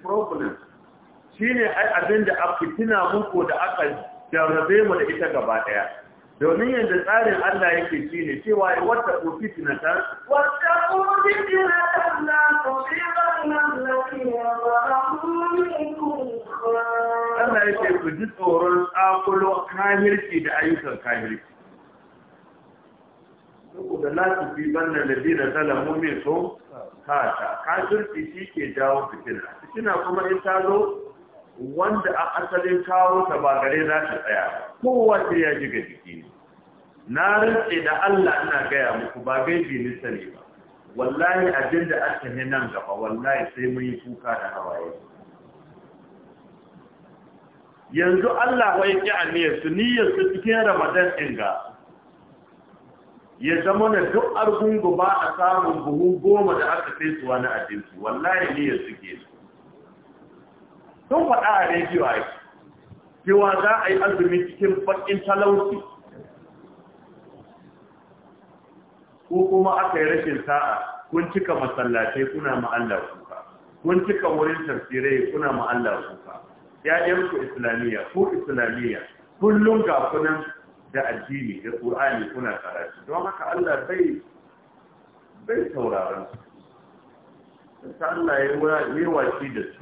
Speaker 2: problem shine ai abin da aka tuna muku da aka jarrabe mu da ita gaba daya domin yadda tsarin Allah yake shine cewa ai wata ku fitnatan
Speaker 1: wata na fitnatan na tusibanna alladhina zalamu minkum Allah
Speaker 2: yake ku ji tsoron tsakulo kamirki da ayyukan kamirci saboda da tusibanna alladhina zalamu minkum kata kafirci shi ke jawo fitina fitina kuma in ta zo wanda a asalin kawo ta ba gare za ta tsaya kowace ya ji ga jiki ne na rantse da Allah ina gaya muku ba gai ji ni sani ba wallahi abin da aka ne nan gaba wallahi sai mun yi kuka da hawaye yanzu Allah wai ki aniyar su niyyar su cikin Ramadan din ga ya zama na duk argungu ba a samun buhu goma da aka sai na wani abinci wallahi niyyar su ke su sun faɗa a rediyo a yi cewa za a yi azumi cikin bakin talauci ko kuma aka yi rashin sa'a kun cika masallatai kuna ma'alla kuka kun cika wurin tafsirai kuna ma'alla kuka ku islamiyya ko islamiyya kullum ga kunan da addini da ƙur'ani kuna karatu don haka Allah bai bai sauraron su Allah ya yi waci da su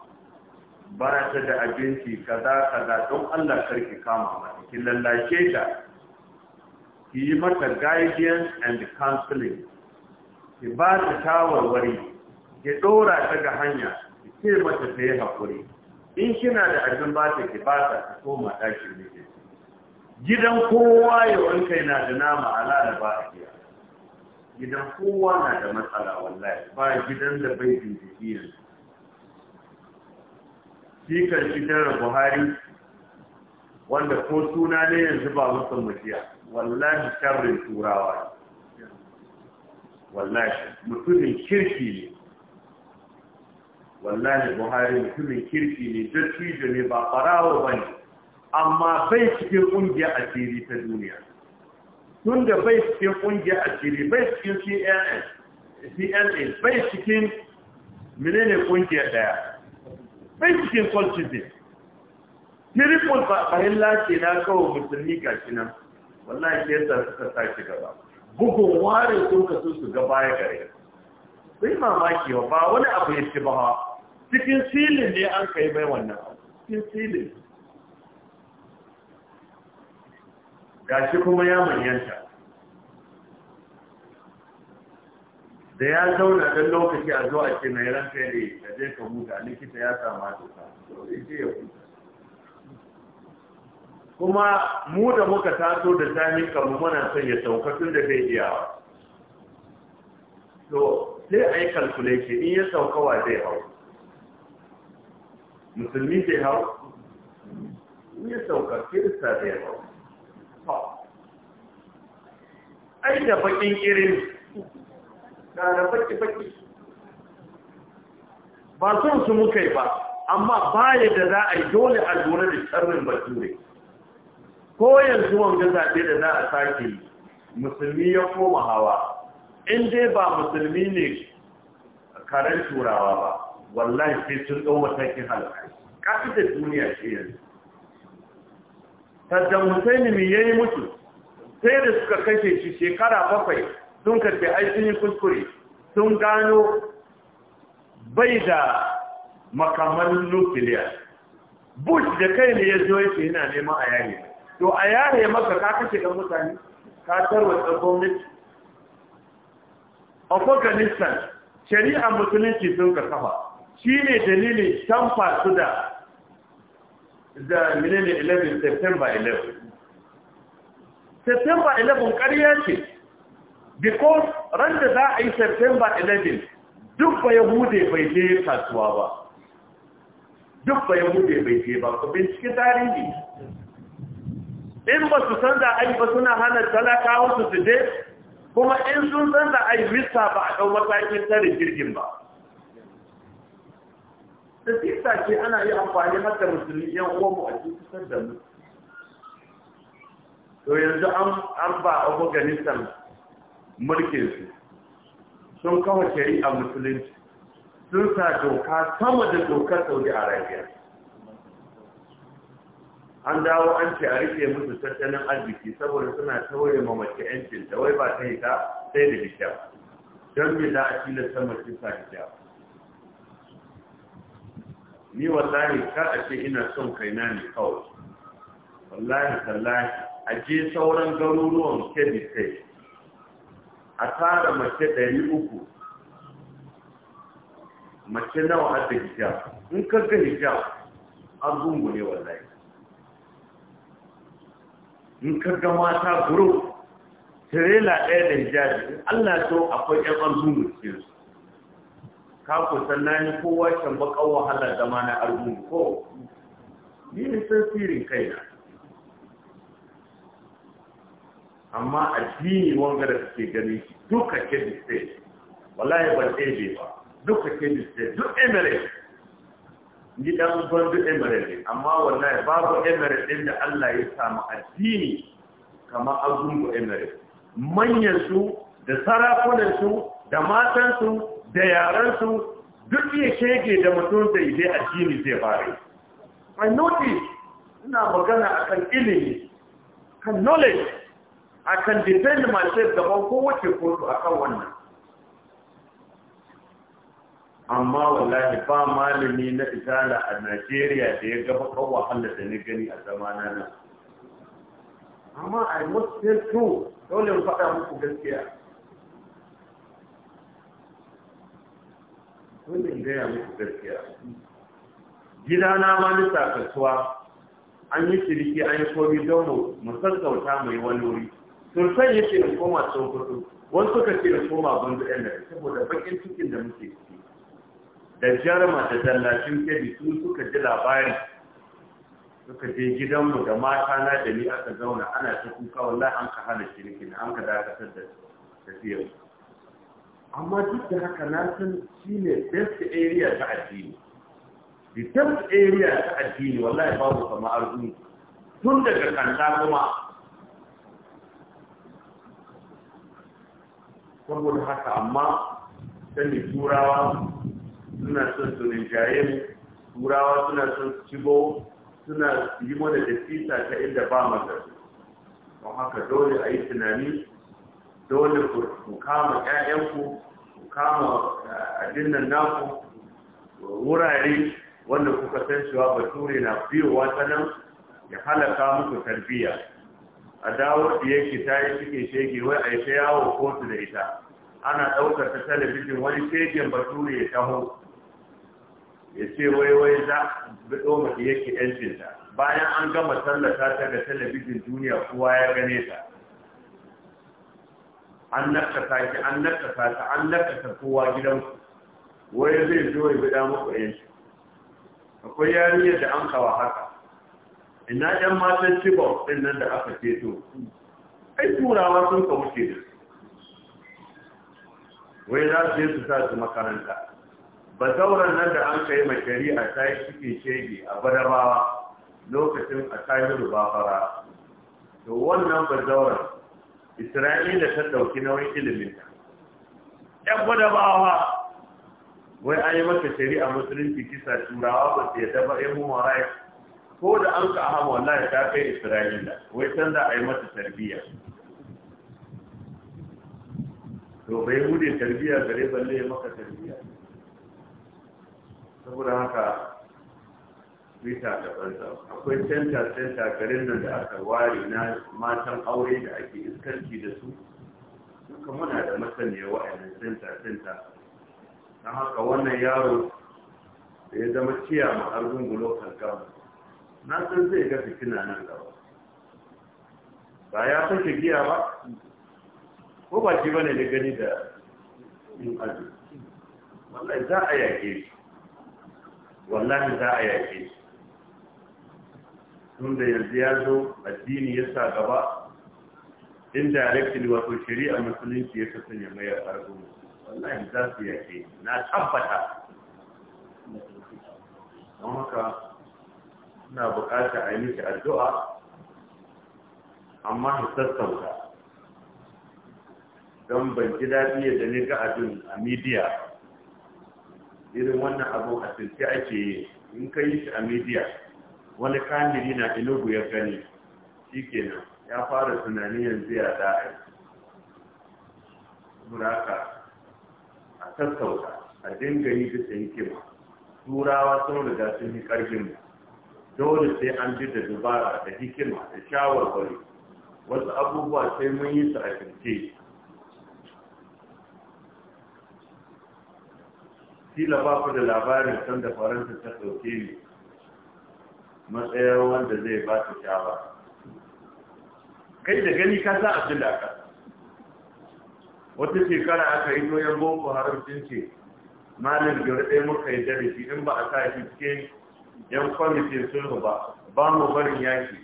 Speaker 2: ba ta da abinci kaza kaza don Allah karki kama mata ki lallace ta ki yi mata guidance and counseling ki ba ta shawarwari ki dora ta ga hanya ki ce mata ta yi hakuri in kina da abin ba ta ki ba ta ta koma ɗakin miji gidan kowa ya wanka yana da nama a da ba a gidan kowa na da matsala wallahi ba gidan da bai bincike yanzu fikar fitar buhari wanda ko suna ne yanzu ba musu mutiya wallahi sharrin turawa wallahi mutumin kirki ne wallahi buhari mutumin kirki ne dattijo ne ba farawo ba ne amma bai cikin a asiri ta duniya tun da bai cikin a asiri bai cikin cns cna bai cikin menene ƙungiyar daya bai cikin solstice miracle ba fahimla ce na kawo musulmi ga shi nan wallahi ke yasa suka sa shi gaba bugun ware sun ka su ga baya gare sai mamaki wa ba wani abu ya ci ba ha cikin silin ne an kai mai wannan cikin silin
Speaker 3: shi kuma ya manyanta
Speaker 2: da ya zauna don lokaci a zuwa ce mai ranka ne ka zai ka huta likita ya sama ta sa ya huta kuma mu da muka taso da sami kamar muna son ya sauka tun da bai iya to sai a yi calculation in ya sauka wa zai hau musulmi zai hau in ya sauka kirista zai hau ai da bakin irin na da baki baki ba son su muka yi ba amma baya da za a yi dole a lura da sharrin bature ko yanzu wanga zaɓe da za a sake musulmi ya koma hawa in dai ba musulmi ne karen turawa ba wallahi sai sun ɗau matakin halakari da duniya ce yanzu saddam musulmi mai yayi mutu sai da suka kashe shi shekara bakwai sun karfe aikini kuskure sun gano bai da makamar nukiliya bush da kai ne ya zo yake yana neman a yare to a yare maka ka kashe ga mutane ka tarwata gwamnati afghanistan shari'a musulunci sun ka kafa shi ne dalilin tamfa su da da minene 11 september 11 september 11 ƙarya ce because ran da za a yi september 11 duk ba hude bai je kasuwa ba duk ba hude bai je ba ku binciki tarihi in ba su san da ai ba suna hana talakawa su su je kuma in sun san da ai rista ba a ɗau matakin tare jirgin ba da fita ce ana yi amfani har da musulmi yan uwanmu a cikin kusan mu to yanzu an ba afghanistan mulkinsu sun kawo a musulunci sun sa doka sama da dokar saudi arabia an dawo an ce a rike musu tattalin arziki saboda suna taure ma mace yancin da wai ba ta yi ta sai da bishiya, don me za a sama cin sa bishiya. ni wallahi ka a ce ina son kaina ne kawai wallahi tallahi a je sauran garuruwan kebbi kai a tara mace ɗari uku mace nawa har da hijab in ka ga hijab an gungune wallahi in ka ga mata guru tirela ɗaya da hijabi in Allah so akwai ƴan arzumu cikin su ka ku sannan kowa can baƙar wahala zama na arzumu ko ni ne san sirin kaina amma addini wanga da suke gani duka kedi state wallahi ban ɗebe ba duka kedi state duk emirate ni dan ban duk emirate amma wallahi babu emirate ɗin da Allah ya sa mu addini kamar azungu emirate manyan su da sarakunan su da matan su da yaran su duk iya shege da mutum da idai addini zai faru. I notice ina magana akan ilimi kan knowledge I can defend myself gaban kowace kotu akan wannan amma wallahi ba malami na isala a Najeriya da ya gaba kan wahala da ni gani a zamana nan amma I must tell true dole mu faɗa muku gaskiya wannan gaya muku gaskiya gidana ma ni sakatuwa, an yi shiriki an yi komi domin mu sassauta mai wani wuri surfan yake da koma sun kudu wani suka ce da koma bandu ɗan da saboda bakin cikin da muke ciki da jarma da dallacin kebi sun suka ji labari suka je gidanmu da mata na da ni aka zauna ana ta kuka wallahi an ka hana na an ka dakatar da tafiyar amma duk da haka na san shi ne best area ta addini the best area ta addini wallahi babu kama arzuni tun daga kanta kuma saboda haka amma sani turawa suna son su rinjaye mu turawa suna son su cibo suna yi mana da fita ta inda ba masa don haka dole a yi tunani dole ku kama 'ya'yanku ku kama addinin eh, naku wurare wanda kuka san cewa bature na biyowa ta nan ya halaka muku tarbiyya a dawo da yake ta yi suke shege wai a ta yawo kotu da ita ana ɗaukar ta talabijin wani shegen bature ya taho ya ce wai wai za a biɗo mace yake yancinta bayan an gama tallata ta da talabijin duniya kowa ya gane ta an nakasa ki an nakasa ta an nakasa kowa gidanku wai zai zo ya biɗa muku yanci akwai yarinyar da an kawa haka ina yan matan cibok ɗin nan da aka ceto ai turawa sun ka wuce da wai za su yi su sa su makaranta ba sauran nan da an kai mai a ta yi cikin shege a barabawa lokacin a tahiru ruba fara to wannan ba sauran isra'ila ta ɗauki nauyin iliminta ‘yan barabawa wai an yi maka shari'a musulunci kisa turawa ba su yadda ba ‘yan mummara ko da an ka hama wallahi ta kai isra'ila wai can za a yi mata tarbiyya to bai hude tarbiyya gare balle ya maka tarbiyya saboda haka mita da banza akwai centa centa garin nan da aka ware na matan aure da ake iskanci da su duka muna da masaniya wa'annan centa centa don haka wannan yaro da ya zama ciyama argungu local kankan na san zai ga fitina nan gaba ba ya fashe giya ba ko ba ba bane da gani da yin aji wallahi za a yake shi wallahi za a yake shi tun da yanzu ya zo addini ya sa gaba indirectly wato shari'a musulunci ya ya mai argo wallahi za su yake na tabbata don haka suna bukata a yi miki addu'a amma su sassauta don ban ji daɗi ya ni ga abin a midiya irin wannan abu a cikin ake yi in ka yi shi a midiya wani kamiri na inugu ya gani shi kenan ya fara tunani yanzu ya da'a buraka a sassauta a dinga yi bisa hikima turawa sun riga sun yi ƙarfin mu dole sai an ji da dubara da hikima da shawarwari wasu abubuwa sai mun yi su a kirce kila ba ku da labarin sanda faransa ta ɗauke ni matsayar wanda zai ba ta shawara kai da gani ka sa abin da aka wata shekara aka yi doyan boko harin sun ce malin gari ɗaya muka yi dare shi in ba a sa shi cikin yan kwamitin sulhu ba ba mu barin yaki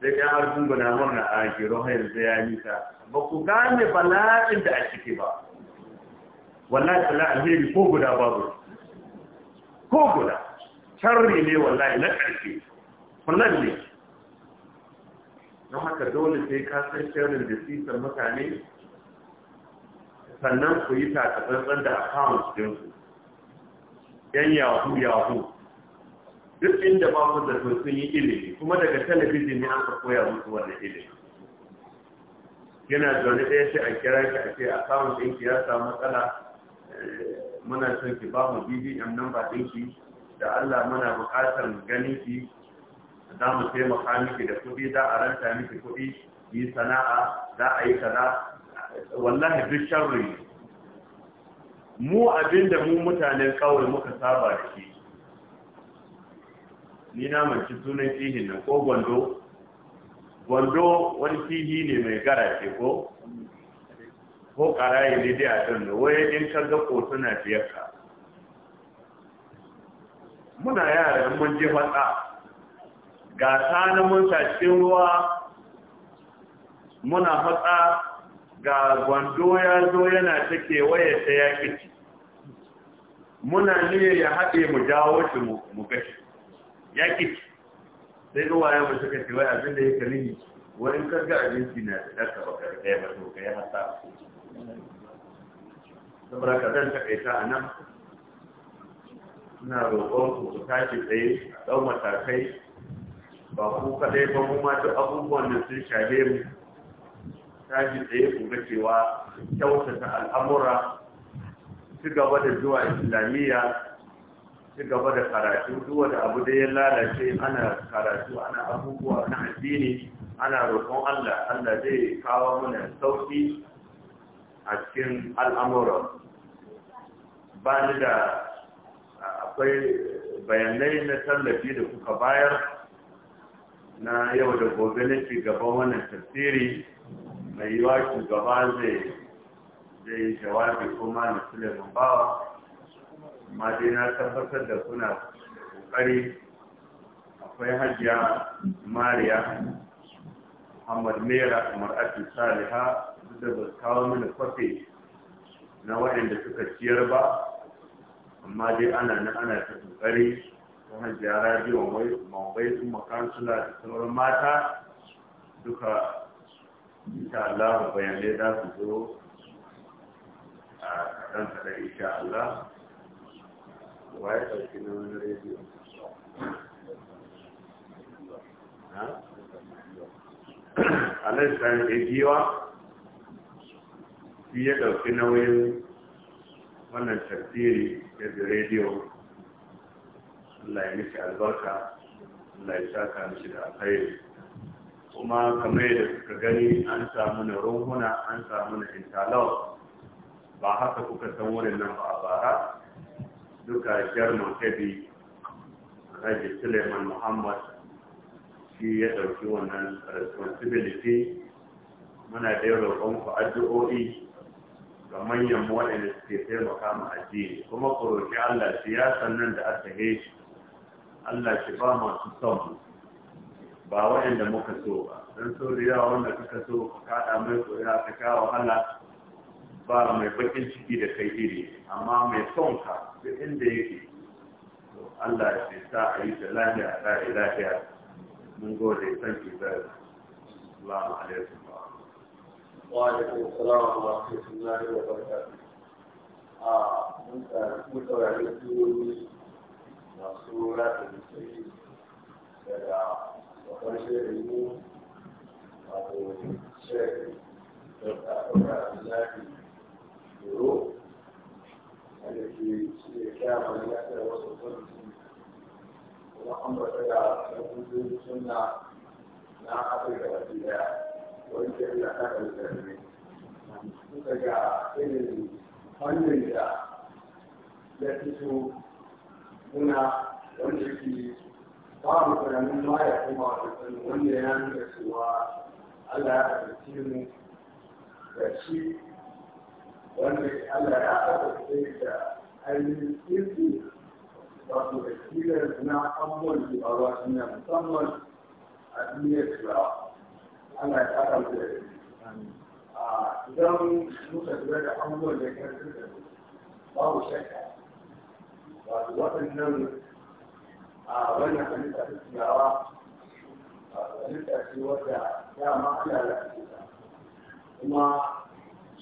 Speaker 2: sai ɗan arzun guna murna a gero hayar da ya ta ba ku gane bala'in da a ciki ba wallahi tsala alheri ko guda babu ko guda sharri ne wallahi na ƙarfi kullum ne don haka dole sai ka san sharrin da sisar mutane sannan ku yi tsantsan da account su yan yahu yahu duk inda ba mu zato sun yi ilimi kuma daga talabijin ne aka koya musu wannan ilimi yana zaune ɗaya sai a kira shi a ce a samun ɗinki ya samu matsala eh, muna son ki ba mu bbm namba ɗinki da allah muna buƙatar ganin ki za mu taimaka miki da kuɗi za a ranta miki kuɗi yi sana'a za a yi kaza wallahi duk sharri mu abinda mu mutanen kawai muka saba da shi ni na manci sunan kihin nan ko gwando gwando wani kihi ne mai gara ce ko ko karaye ne dai a can da waye in ka ga kotuna biyarka muna yara yan mun je faɗa ga sana mun cikin ruwa muna faɗa ga gwando ya zo yana ta kewaye ta yaƙi muna ne ya haɗe mu jawo shi mu gashi ya kici sai ruwa ya mai suka cewa abin da ya ne wani karga abinci na da ɗarka ba ka ɗaya ba to ka yi hasa saboda ka zan takaita a nan suna roƙon ku ku tashi tsaye a ɗau matakai ba ku kaɗai ba mu mata abubuwan da sun shafe mu tashi tsaye ku ga cewa kyautata al'amura ci gaba da zuwa islamiyya ci gaba da karatu duk abu da ya lalace ana karatu ana abubuwa na addini ana roƙon Allah Allah zai kawo mana sauki a cikin al'amuran ba ni da akwai bayanai na tallafi da kuka bayar na yau da gobe na ci gaban wannan tafsiri mai yiwa shugaba zai zai jawabi kuma na sulaiman bawa amma dai na tabbatar da kuna kokari akwai hajiya mariya muhammad mera mar'atu saliha duk da ba kawo mini kwafe na waɗanda suka ciyar ba amma dai ana nan ana ta kokari ta hajiya mai mawai sun makansula da sauran mata duka insha Allah bayanai za su zo a kaɗan kaɗan insha Allah waye ɗauki na wani rediyo alai san ejiwa shi ya ɗauki nauyin wannan tafsiri da rediyo Allah ya mishi albarka Allah ya saka mishi da alkhairi kuma kamar yadda suka gani an samu na ruhuna an samu na intalok ba haka kuka san wurin nan ba a bara duka jarman kabi alhaji suleiman muhammad shi ya ɗauki wannan responsibility muna da roƙon ku addu'o'i ga manyan waɗanda suke taimaka mu addini kuma ku roƙi Allah ya nan da aka yi Allah shi ba masu son mu ba waɗanda muka so ba don so da yawa wanda kuka so ka kaɗa mai koya ka kawo wahala ba mai bakin ciki da kai iri amma mai son ka da inda yake to Allah ya ce sa a yi ta lafiya a tsari lafiya mun gode san
Speaker 3: ki da Assalamu alaikum wa alaikum assalam wa rahmatullahi wa barakatuh a mun tsara mun tsara ne masu rata da sai daga babban shirin mu wato shirin da ta da lafiya tsoro wanda ke cire kyara na lafiyar wasu kwanci kuma an ta da sabon suna na afirka da ke daya wani ke ila kaka da zarre suka ga irin hannun da ya fito muna wanda ke babu tunanin ma ya kuma wanda ya nuna cewa Allah ya ɗauki mu da shi wanda Allah ya ɗauke da ainihin kirki wato da kilar na abubuwan da faruwa suna musamman a duniyar turawa Allah ya ƙara da idan muka lura da abubuwan da ya da babu shakka wato waɗannan a wannan halitta ta turawa halitta ce wadda dama Allah ya ɗauke kuma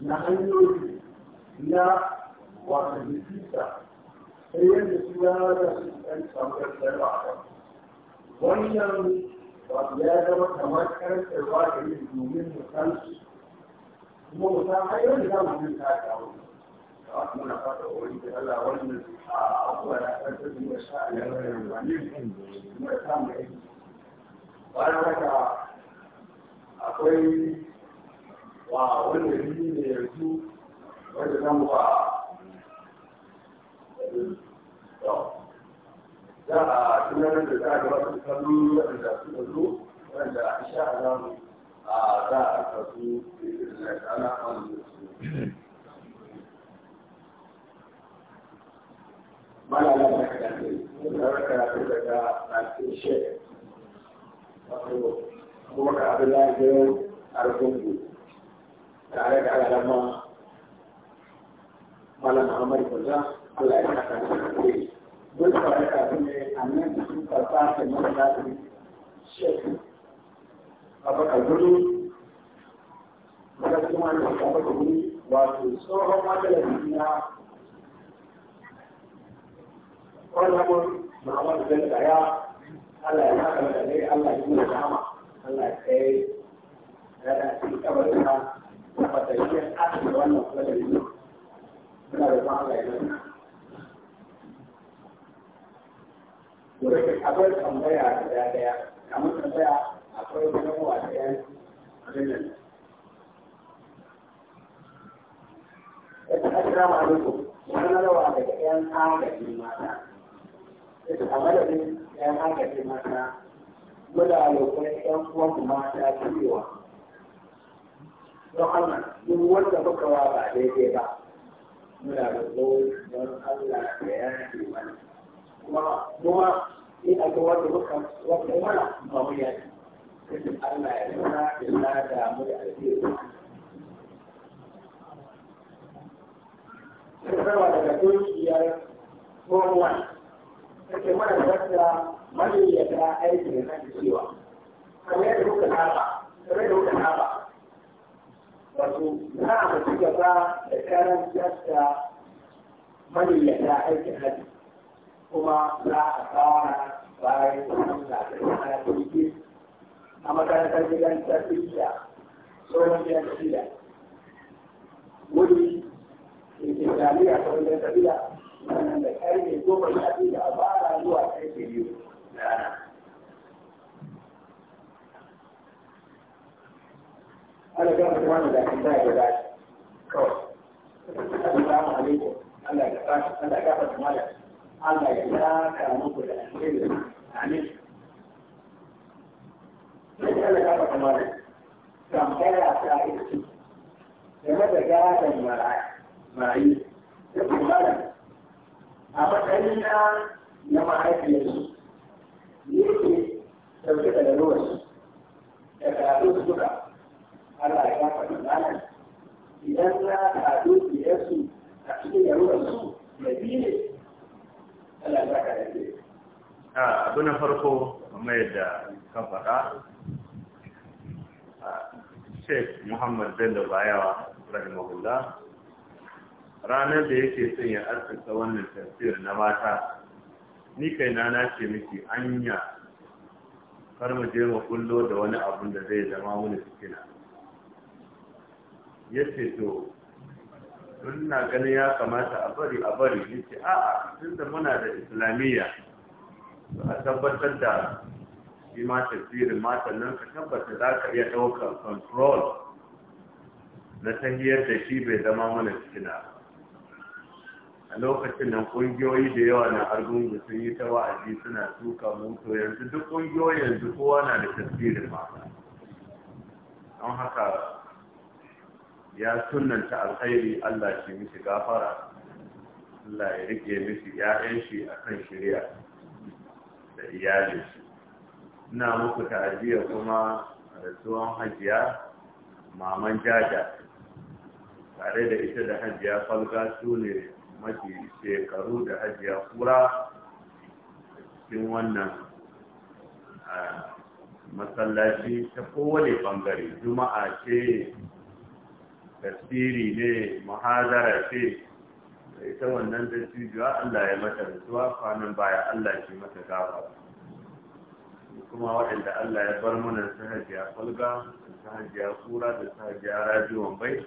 Speaker 3: na hanyoyi na wata jikita sai yadda su ya da su ɗan samun a wannan wato ya zama kamar karantarwa da yi domin mu san su kuma mu san hanyoyin da za mu yi ta kawo wato muna fata wani da Allah wannan A abubuwa na karantar da mu sha a yanayin wani kuma ta samun ba bayan haka akwai wa wanda shi ne yanzu wanda zan ba za a tunanar da za a gaba da kallo waɗanda suka zo waɗanda a sha alamu a za a kasu da alaƙa da su malala da kaɗanɗe da raka daga ɗanɗe shek wato kuma ka abin da ya a tare da alama malam Muhammad Baza Allah ya saka shi da kai duk a haka ne annan karfa ta masallaci shek abaka gudu daga kuma da abaka gudu wato tsohon matsalar na kwallon Muhammad Baza ya Allah ya saka da ne, Allah ya yi da Allah ya kai ya da shi kabarin na fatariyar ƙasa da wannan kula da da kuma Allah ya zama. akwai tambaya ɗaya, kamar tambaya
Speaker 1: akwai abin wani ‘yan agaji mata.
Speaker 3: ‘yan mata, ‘yan don Allah duk wanda muka wa ba daidai ba muna da don Allah ya yanke mana kuma kuma in aka wanda muka wanda mana ba mu yanke kashin Allah ya nuna illa da mu da alheri Sarrafa daga dukiyar Rowan, kake mana da wata ya ta aiki da kan cewa, kamar yadda kuka saba, kamar yadda kuka saba, wato za a mace gaba da karan jasta maniyyata aikin hajji kuma za a fara bayan wannan lafiyar ana turki a makarantar gidan tafiya tsohon gidan tafiya wuri da ke jami'a ta wajen tafiya sannan da karfe goma sha biyu da a fara zuwa karfe biyu na rana أنا جاء في وانا ذاك الداعي ذاك كوس السلام عليكم أنا جاء أنا يعني جاء في وانا أنا جاء كان مطلع يعني لماذا قال لماذا قال لماذا قال لماذا قال لماذا قال لماذا قال لماذا قال Allah ya faɗi malam idan na a dukiyar su a cikin yaruwar su da biye Allah ya faɗa da
Speaker 2: a abu na farko kamar yadda ka faɗa Sheikh Muhammad Bello Bayawa rahimahullah ranar da yake son ya arzika wannan tafsir na mata ni kai na na ce miki anya kar mu je mu kullo da wani abun da zai zama wani fitina ya ce to na ganin ya kamata a bari a bari ya ce a'a sun da muna da islamiyya a tabbatar da shi ma tafsirin matan nan ka tabbata za ka iya ɗaukar control na tahiyar da shi bai zama mana cikin a lokacin nan ƙungiyoyi da yawa na argungu sun yi ta wa'azi suna tuka mutu yanzu duk ƙungiyoyi yanzu kowa na da tafsirin mata don haka ya sunanta alkhairi Allah shi mishi gafara Allah ya rike mishi ‘ya'yan shi a kan shirya da iyali. ina muku ta'aziyya kuma da tsohon hajiya maman jaja tare da ita da hajiya falga su ne mafi shekaru da hajiya kura cikin wannan ah, masallaci ta kowane bangare juma'a ce tafsiri ne muhadara ce ita wannan da dattijuwa Allah ya mata rasuwa kwanan baya Allah ce mata gafa kuma waɗanda Allah ya bar mana su hajiya falga su hajiya kura da su hajiya rajiyon bai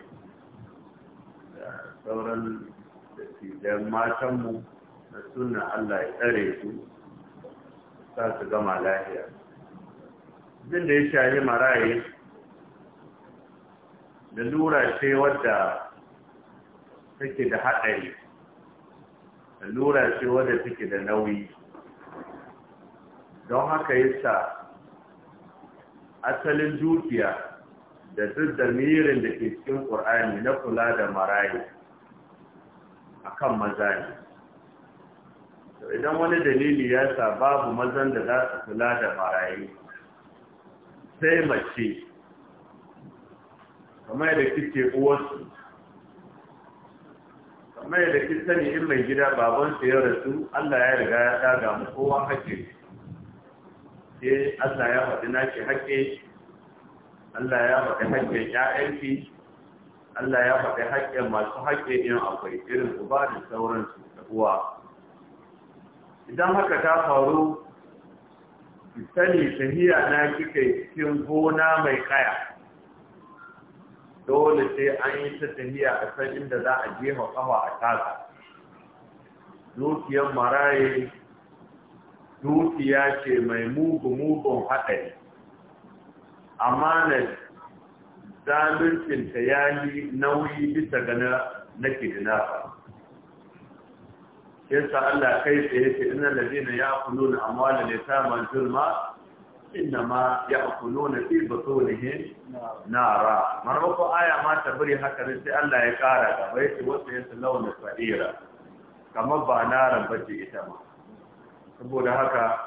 Speaker 2: da sauran da dattijan matanmu da suna Allah ya tsare su za su gama lahiya. Binda da ya shahi maraye lura ce wadda take da haɗari lura ce wadda take da nauyi don haka yasa asalin dukiya da duk damirin da ke cikin ƙur'ani na kula da marayi a kan maza ne idan wani dalili ya sa babu mazan da za su kula da marayi sai mace kamar da kike uwarsu kamar da ki sani in mai gida babansa ya rasu Allah ya riga ya daga mu kowa hake Ke Allah ya faɗi naki hake Allah ya faɗi hakke ƴaƴanki Allah ya faɗi hakke masu hakke in akwai irin uba da sauransu da uwa idan haka ta faru ki sani tahiya na kike cikin gona mai kaya dole sai an yi ta tafiya a san inda za a jefa kafa a tasa dukiyar maraye dukiya ce mai mugu-mugun haɗari amanar ta ya yi nauyi bisa ga na kidinafa yasa Allah kai tsaye ce ina lalina ya kulu na amma da ta ma? In inama ya akulona na batunihi
Speaker 1: nara maroko
Speaker 2: aya ma ta bari haka ne sai Allah ya kara gaba yace wasu yasa launa fadira kamar ba nara bace ita ma saboda haka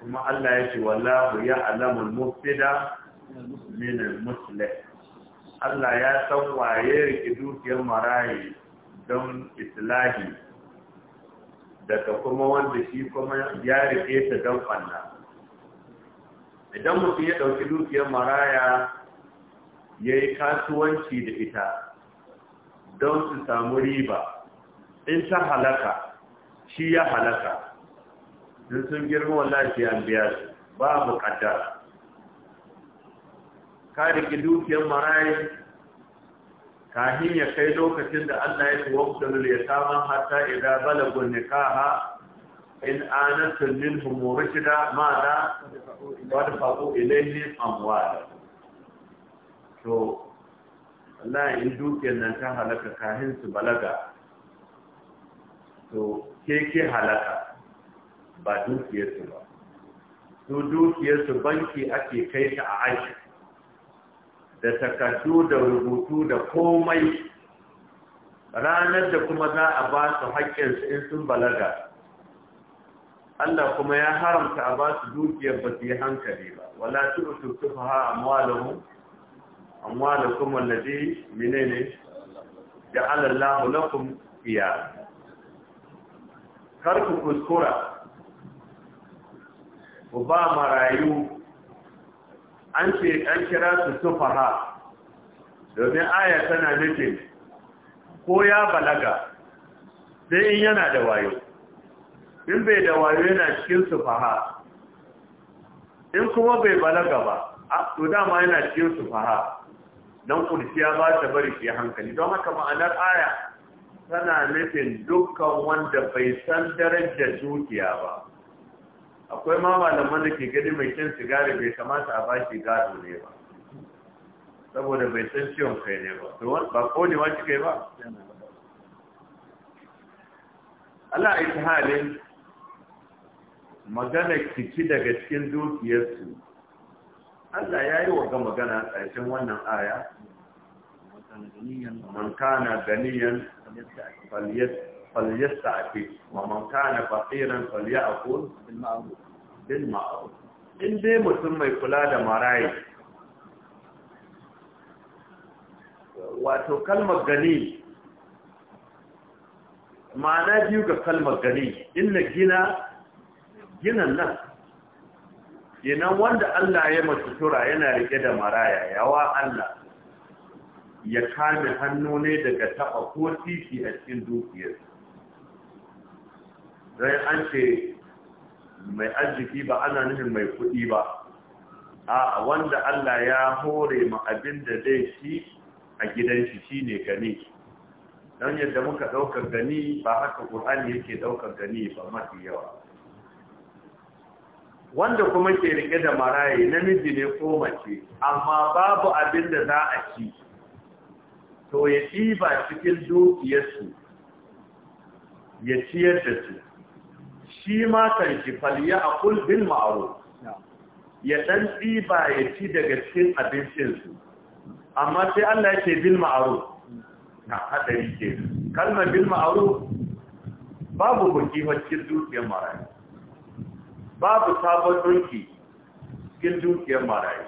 Speaker 2: kuma Allah yace wallahu ya alamu mufsida
Speaker 3: min almuslih
Speaker 2: Allah ya san waye rike dukiyar marayi don islahi daga kuma wanda shi kuma ya rike ta don Allah idan mutum ya ɗauki dukiyar maraya ya yi kasuwanci da ita don su samu riba in ta halaka shi ya halaka in sun girma lafiya an biya su babu kaddara ka riki dukiyar maraya kahin ya kai lokacin da allah ya tuwa ya saman hata idan balagun ha? in ananta minhum murshida ma da wadfa'u ilayhim amwal to wallahi in dukiyar nan ta halaka kahin su balaga to ke ke halaka ba dukiyar su ba su dukiyar su banki ake kai ta a aiki da takardu da rubutu da komai ranar da kuma za a ba su haƙƙinsu in sun balaga Allah kuma ya haramta a ba su dukiyar ba su yi hankali ba wala tu'tu sufaha amwalahum amwalakum mine ne, da Allah lakum iya. kar ku kuskura ku ba marayu an ce an kira su ha, domin aya tana nufin ko ya balaga sai in yana da wayo in bai da wayo yana cikin sufaha in kuma bai balaga ba to dama yana cikin sufaha don kurciya ba ta bari shi hankali don haka ma'anar aya tana nufin dukkan wanda bai san darajar dukiya ba akwai ma malaman da ke gani mai cin sigari bai kamata a bashi gado ne ba saboda bai san ciwon kai ne ba ba ko ne wani kai ba Allah a yi halin magana kici daga cikin dukiyarsu Allah ya yi waga magana a ƙarshen wannan aya man kana ganiyan falyasta a fi wa man kana faƙiran falya a kun bil ma'aru in dai mutum mai kula da marayi wato kalmar gani ma'ana biyu ga kalmar gani inna gina ginin nan kenan wanda Allah ya tura yana rike da maraya yawa Allah ya kame hannu ne daga taɓa ko titi a cikin dukiyar don an ce mai arziki ba ana nufin mai kuɗi ba a wanda Allah ya hore ma abin da zai shi a gidan shi shine gani don yadda muka ɗaukar gani ba haka ƙur'ani yake ɗaukar gani ba mafi yawa wanda kuma ke rike da maraye namiji ne ko mace amma babu abin da za a ci to ya ɗiba cikin dukiyarsu ya ciyar da su shi ma kan shi falya a kulbin ma'aro ya ɗan ɗiba ya ci daga cikin abincinsu amma sai Allah ke bil ma'aro na haɗari ke kalmar bil ma'aro babu bukiwa cikin dukiyar maraye babu sabon dunki cikin dukiyar marayi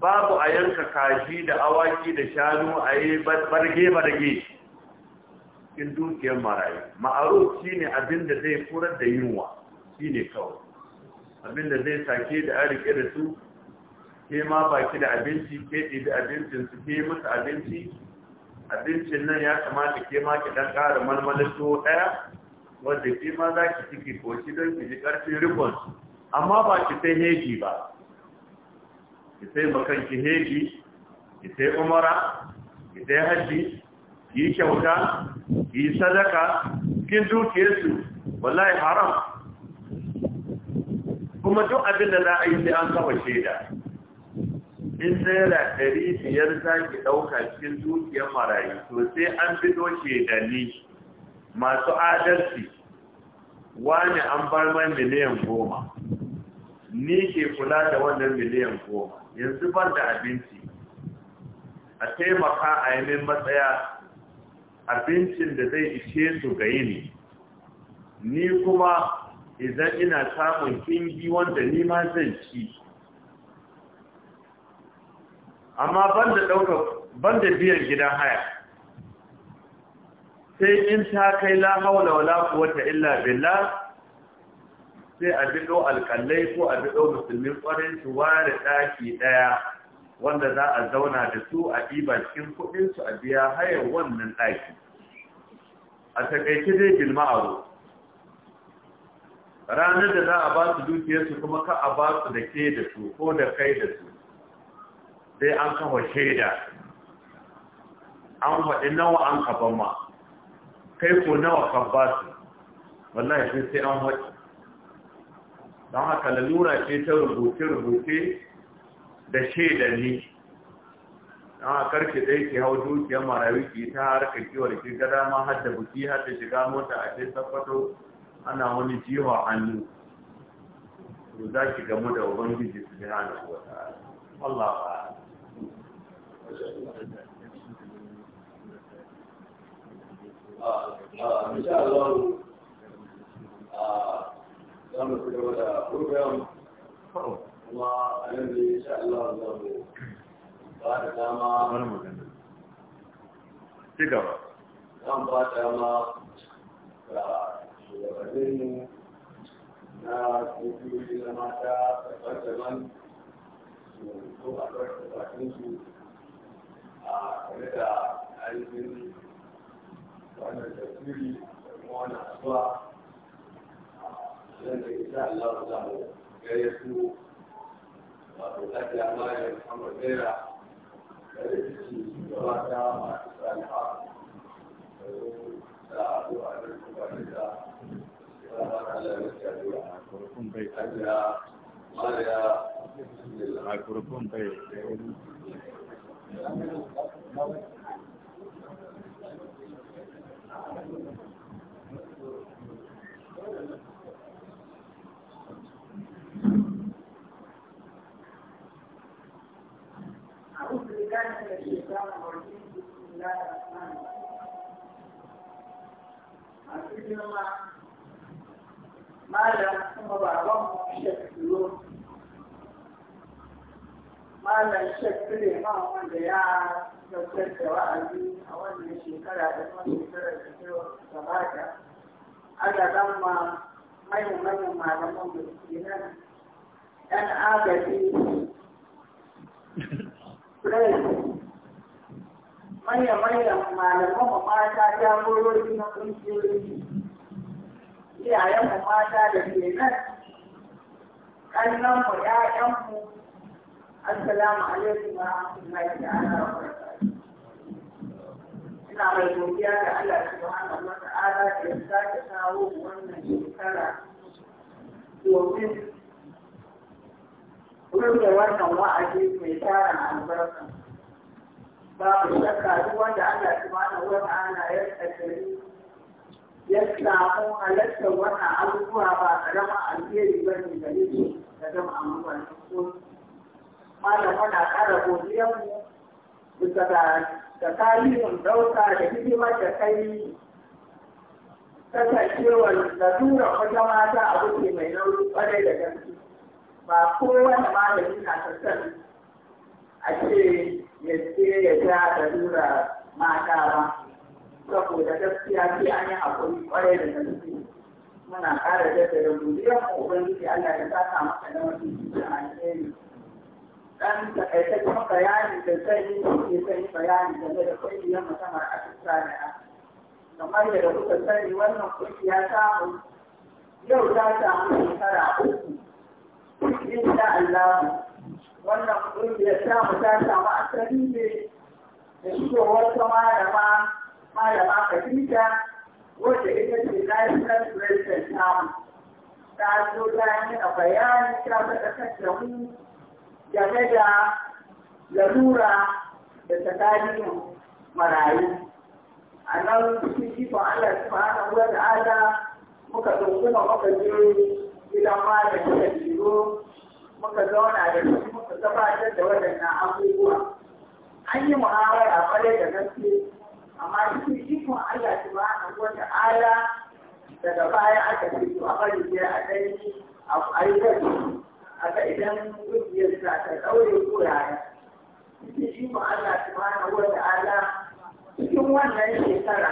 Speaker 2: babu a yanka kashi da awaki da shanu a yi barge-barge cikin dukiyar marayi ma'aruf shi abin da zai kurar da yunwa ne kawai abin da zai sake da an rike da su ke ma baki da abinci ke ɗibi abincin su ke musu abinci abincin nan ya kamata ke ma ki ɗan ƙara malmalin tuwo ɗaya wanda shi ma za ki ciki ko shi don ki ji ƙarfin rikon amma ba ki sai heji ba ki sai makan ki heji ki sai umara ki sai hajji ki kyauta ki sadaka kin su wallahi haram kuma duk abin da za a yi sai an kafa shaida in naira ɗari biyar za ki ɗauka cikin dukiyar marayu to sai an bido shaidani masu adalci wani an bar mai miliyan goma ni ke kula da wannan miliyan goma yanzu ban da abinci a taimaka a yi min matsaya abincin da zai ishe su ga yini ni kuma idan ina samun kingi wanda ni ma zan ci amma ban da biyan gidan haya sai in ta kai la haula wala quwwata illa billah sai a bido alƙallai ko a bido musulmin ƙwarai su ware ɗaki ɗaya wanda za a zauna da su a ɗiba cikin kuɗin su a biya hayar wannan ɗaki a takaice dai bilma'aru ranar da za a ba su dukiyarsu kuma ka a ba su da ke da su ko da kai da su sai an kawo shaida an faɗi nawa an kaban ma kai ko nawa kan ba su wallahi sai sai an wace don haka lalura ce ta rubuce-rubuce da ne don haka karfe ɗaya ke hau dukiyar marawi ke ta harkar kiwar ki gada ma har da buki har da shiga mota a ce sakwato ana wani jiwa hannu Ko za ki gamu da ubangiji su bi hana
Speaker 3: wata Allah ba insha Allah za mu kuma a yanzu insha Allah za mu dama ga shugabanninmu na kungiyoyi na mata daban-daban a ɗaukar bakinsu وعلى التكفير وعلى الأصلاح لأن إن شاء الله تعالى جايته وتأتي أعمال محمد بيرع التي تراجع مع الصالحات ساعد على المبادئة Aku rukun baik. malam
Speaker 1: kuma baban shekaru malam shekaru ma kyautar da wa'azi a wannan shekara da kuma shekarar da ta gabata ana zama mayan da suke nan ɗan agaji mu mata jagorori na ƙungiyoyi iyayen mu mata da ke nan ƙannan mu 'ya'yanmu assalamu alaikum wa rahmatullahi wa barakatuh muna mai godiya da Allah subhanahu wa ta'ala da ya sake kawo wannan shekara domin rufe wannan wa'azi mai tara albarka babu shakka duk wanda Allah subhanahu wa ta'ala ya tsakari ya samu halartar wannan abubuwa ba karama alheri ba ne da shi da zama abubuwan ko malam muna kara godiyarmu bisa ga da tarihin ɗauka da hidimar da kai kasancewar da tura wata mata abu ce mai nauyi kwarai da gaske ba kowane malami na sassan a ce ya ce ya ja da tura mata ba saboda gaskiya sai an yi haƙuri kwarai da gaske muna ƙara jaddada godiyar mu ubangiji Allah ya saka maka da wani alheri dan takaitaccen bayani da zai yi shi zai yi bayani game da kungiyar musamman a tsariya kamar yadda kuka sani wannan kungiya samu yau ta samu shekara uku insha Allah wannan kungiyar samu ta samu asali ne da shigowar ta malama malama Khadija wadda ita ce national president samu ta zo ta yi bayani ta faɗa kan da mu game da larura da tsakanin marayu a nan cikin jifon Allah su ma'ana wa ta'ala muka dunkuma muka je gidan malam da jiro muka zauna da shi muka gabatar da waɗannan abubuwa an yi muhawara kwarai da gaske amma cikin jifon Allah su ma'ana wa ta'ala daga baya aka fito a bari ne a ɗanyi a ayyukan a idan kungiyar ta ta daure wuraren cikin shi mu Allah subhanahu wa ta'ala cikin wannan shekara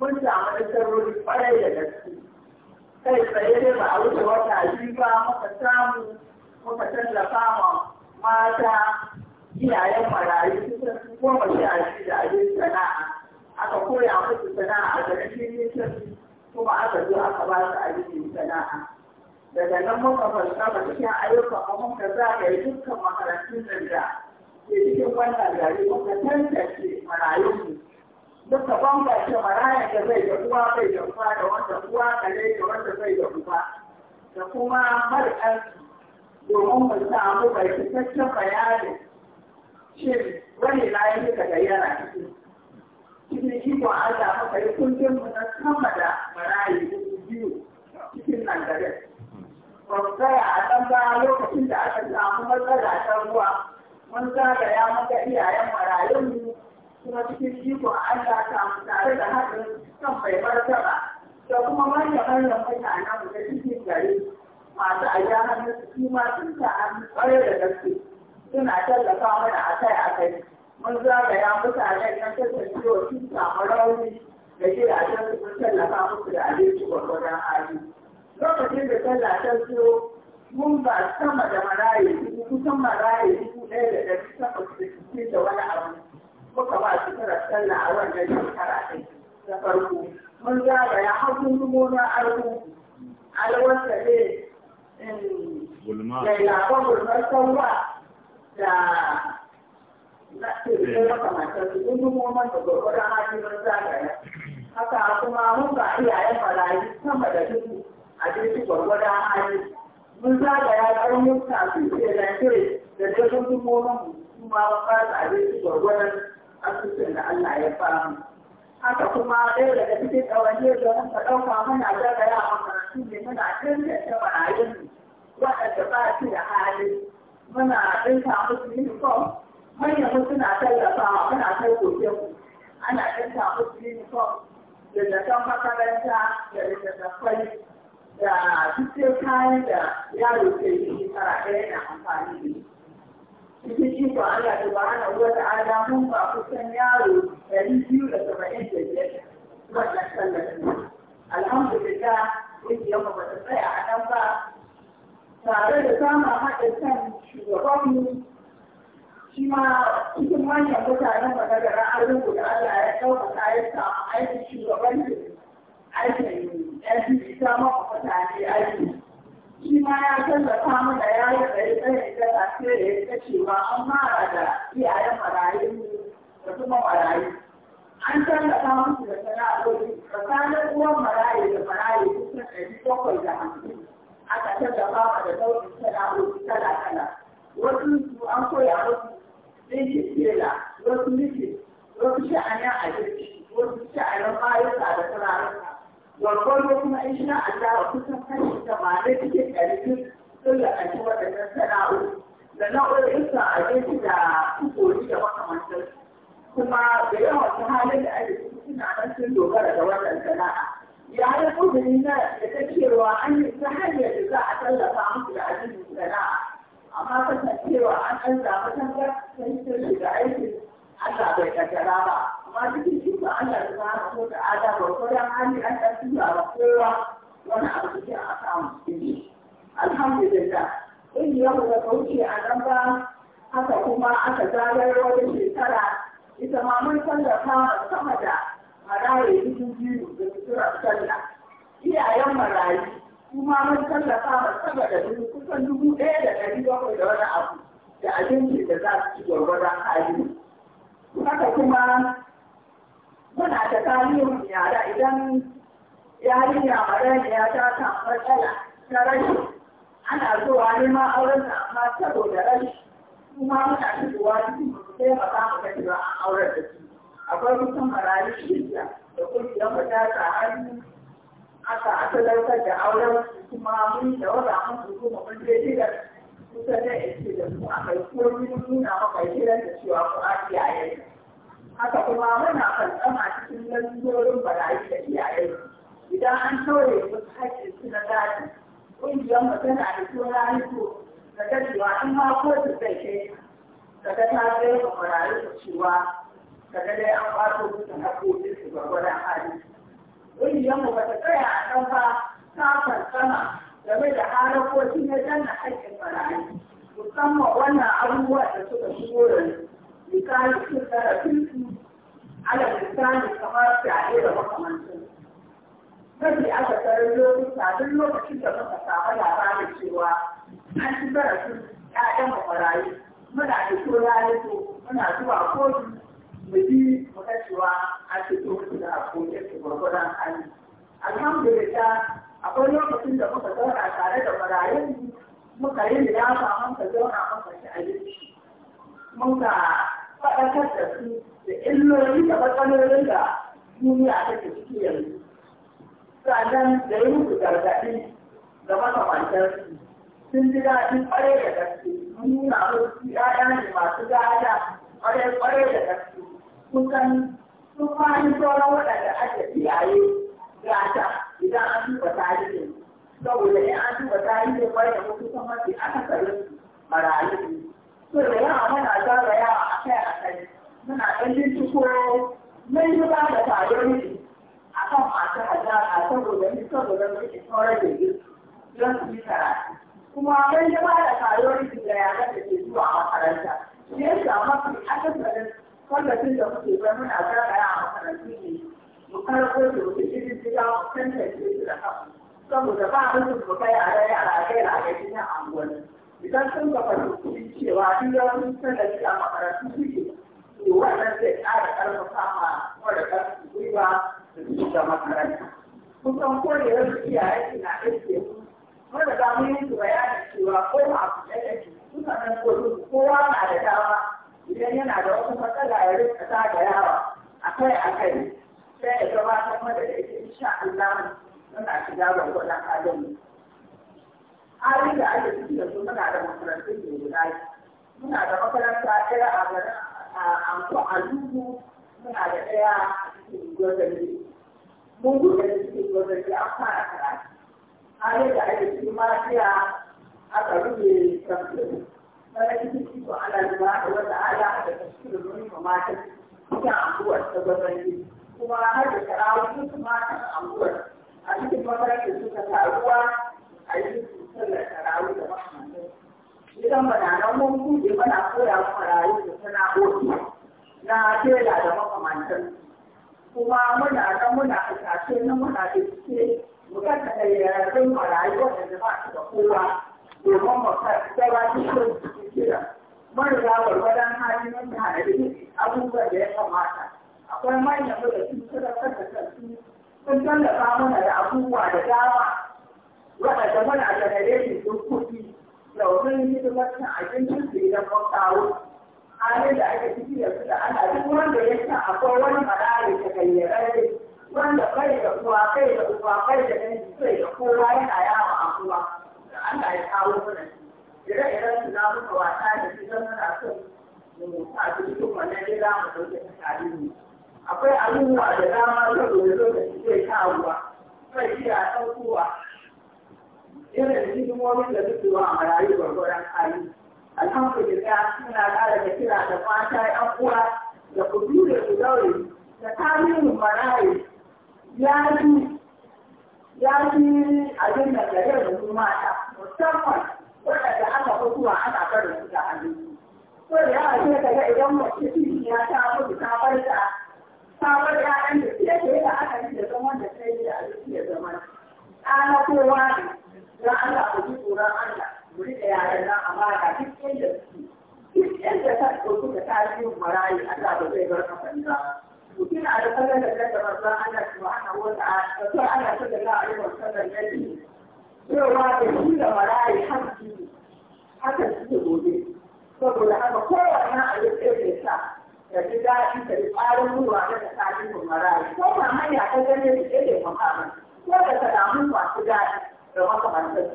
Speaker 1: mun samu nasarori kwarai da gaske kai tsaye dai ba a wuce wata biyu ba muka samu muka tallafa ma mata iyayen marayu kusan goma sha shida a yin sana'a aka koya musu sana'a a garin filin kuma aka zo aka ba su abin sana'a daga nan muka fasa ba cikin ayyukan mu muka yi dukkan makarantun nan da cikin wannan gari muka tantance marayunmu duka ce marayan da zai da uwa bai da uwa da wanda uwa ne da wanda zai da uwa da kuma mar'ansu domin mu samu bai fitaccen bayanin shin wani layi suka gayyana ciki cikin ikon Allah muka yi kundin mu na sama da marayi biyu cikin nan da garin tsaya a ɗan ba lokacin da aka samu matsala ta ruwa mun zagaya maka iyayen marayunmu kuma cikin jikon Allah ta mu tare da haɗin kan bai bar martaba da kuma manya-manyan mutanen da cikin gari masu ajiya hannun su kima sun sa hannu ƙwarai da gaske suna tallafa mana akai-akai mun zagaya mutane nan ta tafiyo sun samu rauni da gidajen su sun tallafa musu da abinci gwargwadon hali. lokacin da sallah ta zo mun ba sama da maraye dubu kusan maraye dubu ɗaya da ɗari takwas da sittin da wani abu muka ba su tara sallah a wannan shekara ɗin na farko mun zagaya har mun zubo na arhu alwasa ne lailaban gulmar sauwa da na ɗaya makamantar su mun zubo man da gwargwaron hajji mun zagaya haka kuma mun ba iyayen marayu sama da dubu abinci gwargwadon hali mun zagaya ƙarnuka su ke lantarki da dai hukumomin su ma ba abinci gwargwadon asusun da Allah ya famu. Haka kuma ɗaya daga cikin ɗawaniyar da ka ɗauka muna zagaya a makarantu ne muna tantance marayun waɗanda ba su da hali. Muna ɗinka musu uniform, manyan suna tallafawa muna kai koke ana ɗinka musu uniform da zaton makaranta da littattafai da duk sai kayan da yaro ke yi fara ɗaya na amfani da cikin iko Allah da ba ana uwa da ala mun ba kusan yaro ɗari biyu da saba'in da biyar wannan tallafin alhamdulillah ƙungiyar yamma ba ta tsaya a nan ba tare da samun haɗin kan shugabanmu shi ma cikin manyan mutanen magagara an rubuta Allah ya ɗauka ɗaukaka ya samu aikin shugabancin aikin yanzu ita maka aiki ya tallafa mana ya yi ya an mara da iyayen marayu da kuma marayu an da sana'o'i tsakanin uwan marayu da marayu da ma da sana'o'i kala wasu su an koya wasu mikin wasu sha'anin wasu sha'anin bayan da turarurka gwargwado kuma in sha Allah kusan kashi tamanin cikin ɗari sun lalace waɗannan sana'o'i da na'urar isa a gefe da tukori da makamantar kuma da yawan su halin da ake ciki suna nan sun dogara da wannan sana'a ya yi kudiri na da ta cewa an yi ta hanyar da za a tallafa musu da ajin sana'a amma kasancewa an ɗan samu tangar sai sun shiga aikin Allah bai kaddara ba amma cikin cikin Allah ta hana ko ta ada ba ko dan hali an ta tura ba kowa wani abu da aka amfani alhamdulillah in yau da kauce a nan ba haka kuma aka zagar wani shekara ita ma mun tallafa sama da maraye dubu biyu da sutura sallah iyayen marayu kuma mun tallafa sama da dubu kusan dubu ɗaya da ɗari bakwai da wani abu da abinci da za su ci gwargwaron hali haka kuma Muna da kaliyun yara idan yarinya ya ta samu matsala na rashi ana zuwa neman auren da amma saboda rashi kuma muna fitowa cikin sai ba za mu ga ba a auren da su akwai mutum marayu shirya da kungiyar mu ta sa hannu aka asalarta da auren kuma mun da wata mun tuku mun je gidan kusa da shi da mu a kai ko mun nuna maka gidan da cewa ku a kiyaye haka kuma muna fantsama cikin lalurorin barayi da iyalai idan an tauye musu haƙƙin su na gadi ƙungiyar mu tana da suna riko da dadewa in ma kotu zai kai ka ga ta zai ga barayi da cewa ka ga dai an ɓato musu haƙƙoƙin su gwagwaran hali ƙungiyar mu ba ta tsaya a kan ba ta fantsama game da harakokin na danna haƙƙin barayi musamman wannan abubuwan da suka shigo yanzu misalin cin ala kamar fyaɗe da Mafi akasarin lokuta duk lokacin da muka samu labarin cewa an ci zarafin ‘ya'yan makwarayi muna fito lalito muna zuwa kotu mu bi mu ga cewa an fito musu da hakokin su hali. Alhamdulillah akwai lokacin da muka zauna tare da marayun muka yi liyafa muka zauna muka ci abinci. Muka faɗakar da su da illoli da matsalolin da duniya take ciki yanzu sannan da yi musu gargaɗi da makamantar su sun ji daɗi ƙwarai da gaske mun nuna musu ‘ya'ya ne masu gada ƙwarai ƙwarai da gaske kusan sun fahimci sauran waɗanda ake iyaye gata idan an duba tarihin saboda in an duba tarihin ƙwarai da mutu kuma sai aka sayi marayu so da yawa muna zagayawa a kai a kai muna ɗan binciko mun yi ba da tare miki a kan masu hazara saboda ni saboda miki sauran da yi don su yi karatu kuma mun yi ba da tare miki da yaran da ke zuwa makaranta shi ya sa mafi akasarin kwallafin da muke bai muna zagaya a makarantu ne mu karɓo da wuce irin gida tantance su da kanmu saboda ba mutum mu kai a rai a ragai-ragai cikin anguwanni idan sun gaba da kuɗi cewa duk ya sun sanadi a makarantu suke to wannan zai ƙara ƙarfafa ma mara ƙarfi gwiwa da su ga makaranta. Kusan korewar iyaye na aiki mara za mu yi bayanin cewa ko ma abu da yake suka nan kowa na da dama idan yana da wata matsala ya rika ta da yawa akai akai sai ya gabatar mada da ita insha Allah muna shiga gwargwadon halin mu. halin da ake ciki da su muna da makarantun ne guda muna da makaranta ɗaya a garin a alubu muna da ɗaya a cikin gwazari mun gudu da cikin gwazari an fara karatu halin da ake ciki ma jiya aka rufe kamfani mana cikin ciko ana zuwa da wata ala da tafsirin wani mamatan cikin anguwar ta gwazari kuma har da karawar su matan anguwar a cikin makarantar suka taruwa a yi sallar tarawih da makamantar idan mana nan mun buɗe mana koya farayi da sana'o'i na tela da makamantar kuma muna nan muna hasashe na muna da suke mu kasa yaran farayi waɗanda ba su da kowa domin mu gabatar da su kira. Mun riga gwargwadon hali na tanadi abubuwan da ya kamata. Akwai manyan da sun sadakar da kansu sun tallafa mana da abubuwa da dama waɗanda mana a janaretin sun kuɗi da wurin hidimar cin abincin su idan mun kawo halin da ake ciki da su da ana duk wanda ya san akwai wani malari ta kayyararre wanda bai da uwa bai da uwa bai da ɗan Sai da kowa yana yawo a kowa da Allah ya kawo mana ire-iren su na muka wasa da su don muna son mu sa su cikin wannan ne za mu ɗauke ta tare ne akwai abubuwa da dama zan zo da zai kawo ba bai iya ɗaukowa irin hidimomin da suke a marayu gwargwaron hali alhamdulillah suna ƙara da kira da mata yan uwa da ku dure ku daure da tarihin marayu ya fi ya fi abin da gare da su mata musamman waɗanda aka fi zuwa ana barin su da hannu so da yawa ce ka ga idan mace ciki ya ta mutu ta bar ta ta bar ƴaƴan da ke da aka yi da zaman da ta yi da abin da zaman ɗana kowa ne don Allah ku ji tsoron Allah mu riƙe yaran nan amana duk inda suke duk inda ta ɗauki da tarihin marayu Allah ba zai bar kafa ba ku kina da kallon da kan da manzon Allah subhanahu ana ta'ala da sai Allah sallallahu alaihi wa sallam ya ce cewa da shi da marayu hakki haka suke gobe saboda haka kowanne a yi tsaye sa da ji daɗi da ji ƙarin ruwa da tsakanin marayu ko ba hanya ta ganin da ke da muhammad ko da salamun masu daɗi da makamantar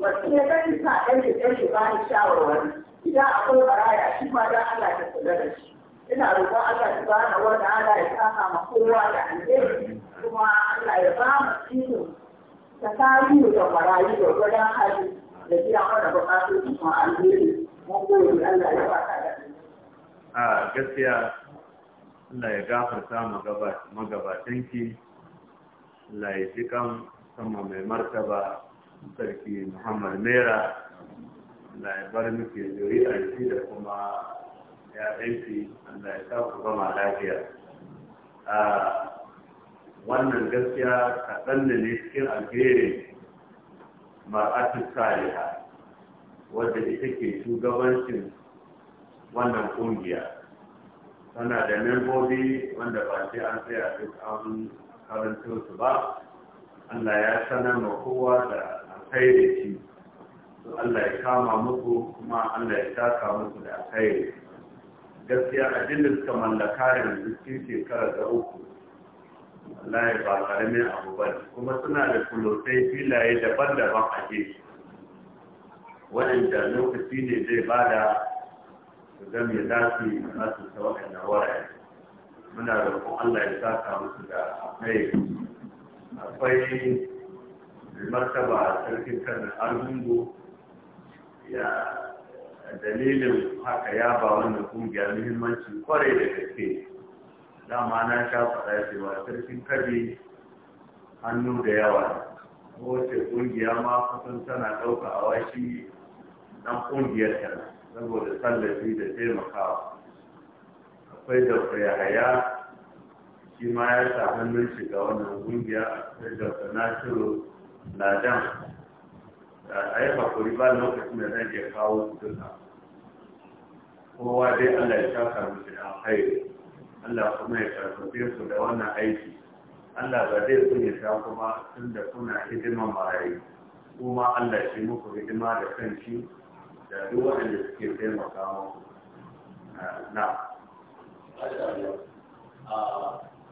Speaker 1: wasu ne zai sa ɗan da ɗan shiga ni shawarwari idan akwai baraya shi ma dan Allah ta kula da shi ina roƙon Allah ta bani wanda Allah ya saka ma kowa da alheri kuma Allah ya ba mu iko ta mu da barayi da gwada hali da gida wanda buƙatoci ma alheri mun gode Allah ya ba ka da
Speaker 2: a gaskiya Allah ya gafarta magabatanki Allah ya ji kan musamman mai martaba sarki muhammad mera na ya bar muke a shi da kuma ya ɗanki na ya sa ku gama lafiya wannan gaskiya kaɗan da ne cikin alheri mar'atu saliha wadda ita ke shugabancin wannan ƙungiya. tana da membobi wanda ba sai an tsaya duk an karanto su ba Allah ya sanar ma kowa da alkhairi shi to Allah ya kama muku kuma Allah ya taka muku da alkhairi gaskiya a da suka mallaka yanzu cikin shekara da uku ya ba karamin abu ba kuma suna da kulotai filaye daban-daban a gefe waɗanda lokaci ne zai bada da su ga me za su muna roƙon Allah ya saka musu da alkhairi akwai martaba sarkin kan argungu ya dalilin haka ya ba wannan kungiya muhimmanci kwarai da gaske dama na sha faɗa cewa sarkin kabi hannu da yawa wace kungiya ma kusan tana ɗauka a washi dan kungiyar tana saboda tallafi da taimakawa akwai da haya shi ma ya sami hannun ga wannan kungiya a Dr. Nasiru Ladan a yi hakuri ba lokacin da zan iya kawo su duka kowa dai Allah ya saka mutu da haihu. Allah kuma ya karfafe su da wannan aiki Allah ba zai sun ya sha kuma tun da kuna hidima marayu kuma Allah shi muku hidima da kan shi da duk waɗanda suke taimaka
Speaker 3: muku na.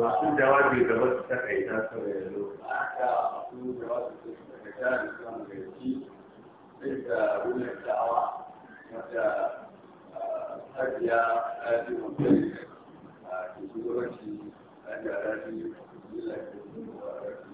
Speaker 3: masu jawabi gaba su ta kai ta sau da yanzu a Aka masu jawabi su ta ta da suwan gaji duk da da'awa sha'awa wata hajiya ta ji wanda shugabanci a jarabi da lafiya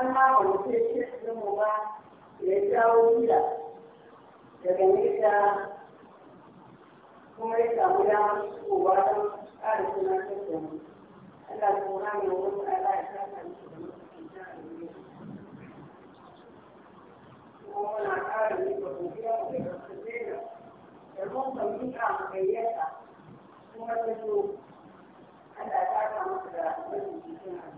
Speaker 1: an ma ba mutum da shi ba ya jawo gida daga nesa kuma ya samu damar shigowa don ƙara tunatar da mu Allah ko wura mai wani ala ya sa ka mutu da mutunta a yi kuma muna ƙara ne ba mu biya mu da kasu zena da mun ba mu ka mu gayyata kuma ta zo Allah ta ka da wani jikin a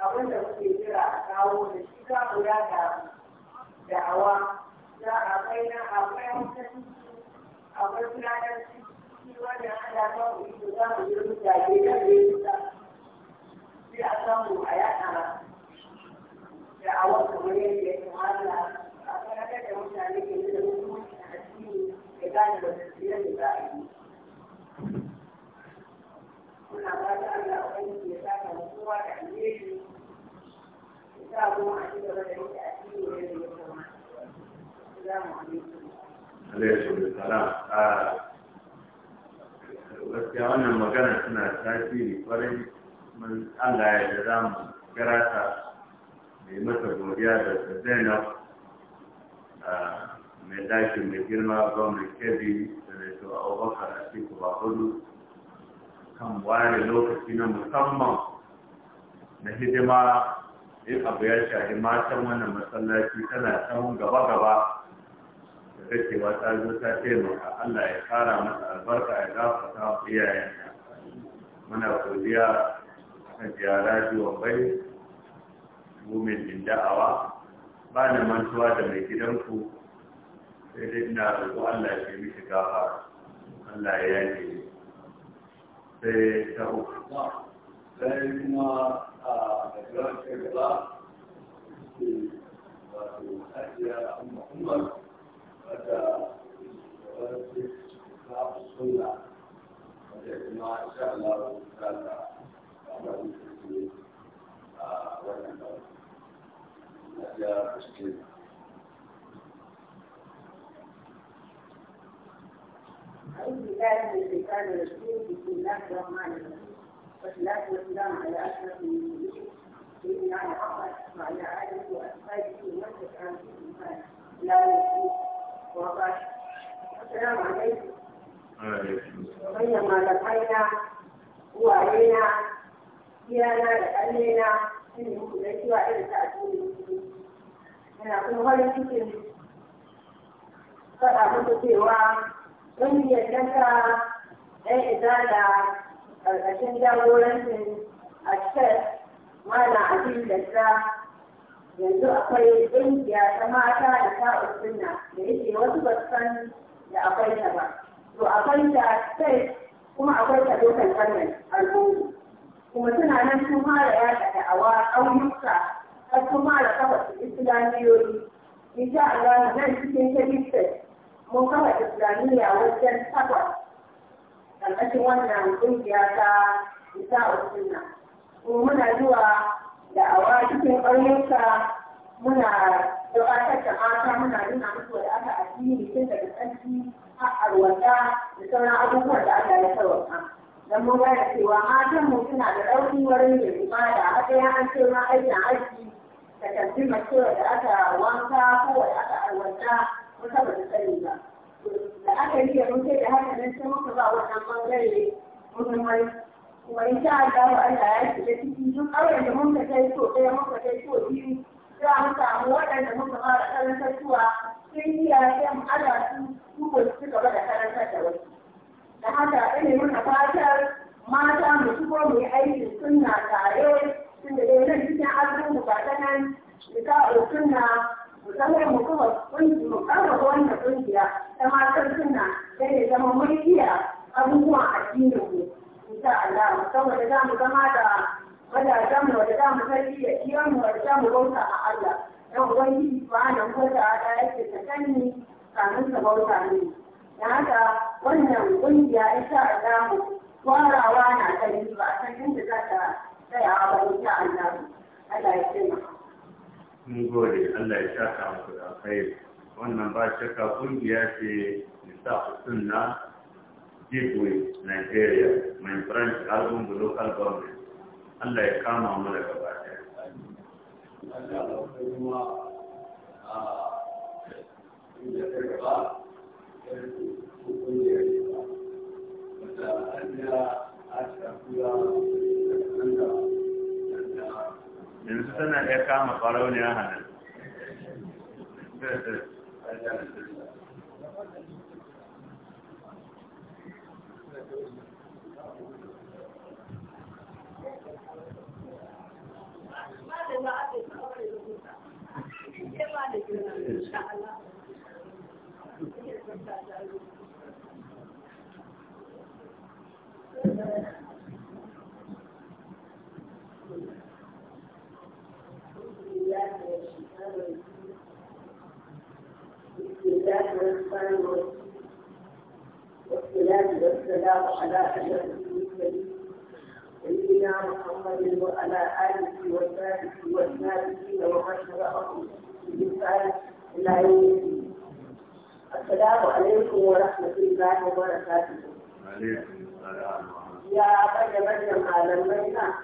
Speaker 1: abin da kuke kira a kawo da shi za ku da da'awa za a kai na akwai hankali akwai tunanin shi wannan ana kawo ido za mu yi mutane da zai ta, sai a samu a da da'awa kamar yadda ya kamata a kanar da mutane ke da hukunci a cikin da gane da tafiyar da za a yi muna ba da Allah wani ke saka kowa da alheri Ah,
Speaker 2: gaskiya wannan magana suna tasiri kwarai mun Allah ya da za mu kira ta mai masa godiya da Zainab ah, mai dakin mai girma gwamnan kebi da mai to abubakar a cikin ba hudu kan ware lokaci na musamman na hidima in abu ya shafi matan wannan masallaci tana samun gaba-gaba da kacewa ta zo ta taimaka Allah ya kara masa albarka ya gafarta wa iyayenta muna godiya a ziyara jiwon bai mumin din da'awa ba na mantuwa da mai gidanku sai dai ina roƙo Allah ya mishi gafa Allah ya yi
Speaker 3: sai ta uku sai kuma a gajiyar shekara ke wato ajiya a umar wadda wadda ta fi suna wadda kuma sha Allah ta ta kamar yi a wannan ba ajiya a cikin
Speaker 1: أعوذ بالله من الشيطان الرجيم بسم الله الرحمن الرحيم da Faɗa mutu cewa, ƙungiyar ɗanka ɗan ita da ƙarƙashin jagorancin a shek mana abin da za yanzu akwai ƙungiya ta mata da ta usunna da yake wasu basan da akwai ta ba to akwai ta sai kuma akwai ta dokan fannin al'umma kuma suna nan sun fara ta da'awa ƙauyuka har sun fara kafa islamiyoyi insha Allah nan cikin ta mun kafa islamiyya wajen takwas ƙarƙashin wannan ƙungiya ta isa wa suna. Kuma muna zuwa da awa cikin ƙauyuka muna gabatar da mata muna nuna musu da aka addini tun daga tsarki har arwata da sauran abubuwan da aka ya sarwata. Dan mun gane cewa matan mu suna da ɗauki wurin yin ibada a matsayin an ce ma aikin aiki da tafi mace da aka wanka ko da aka arwata musamman da sani ba. da aka yi da mun da haka nan sai muka ba wannan bangare muhimmai kuma in sha Allah Allah ya shiga ciki duk auren da muka kai so ɗaya muka kai so biyu za mu samu waɗanda muka karantar karantarwa sun yi yaƙen ala su su ko su gaba da karantar da wasu da haka ina muna fatar mata mu shigo mu yi aikin sunna tare tunda dai nan cikin arzikin bukatanan da ka sunna musamman mu kawai mu karfafa wannan kungiya ta matar suna sai ya zama mun iya abubuwan addinin mu insha Allah saboda za zamu zama da madajan mu da za mu sarki da iyan mu da za mu bauta a Allah dan ubangiji subhanahu wa ta yake ta sani kamin ta bauta ne da haka wannan kungiya insha Allah warawa na kai ba san inda za ta tsaya ba insha Allah Allah ya taimaka
Speaker 2: mun gode Allah ya saka muku da alkhairi wannan ba shakka kungiya ce ta sunna Jigwe, Nigeria, my branch album the local government. Allah ya kama mu gaba
Speaker 3: ɗaya Allah ya kuma a ba ba yanzu
Speaker 2: tana iya kama farauniya
Speaker 3: hannun
Speaker 1: Thank الصلاة والسلام على أشرف المرسلين سيدنا محمد وعلى آله وصحبه والتابعين ومن تبعهم بإحسان إلى يوم الدين السلام عليكم ورحمة الله وبركاته.
Speaker 3: وعليكم السلام
Speaker 1: يا بني بني عالمنا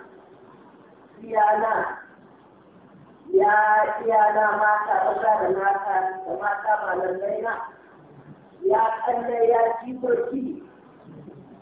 Speaker 1: يا ناس يا iyana mata maza da mata da mata malamai na ya kalle ya jikoki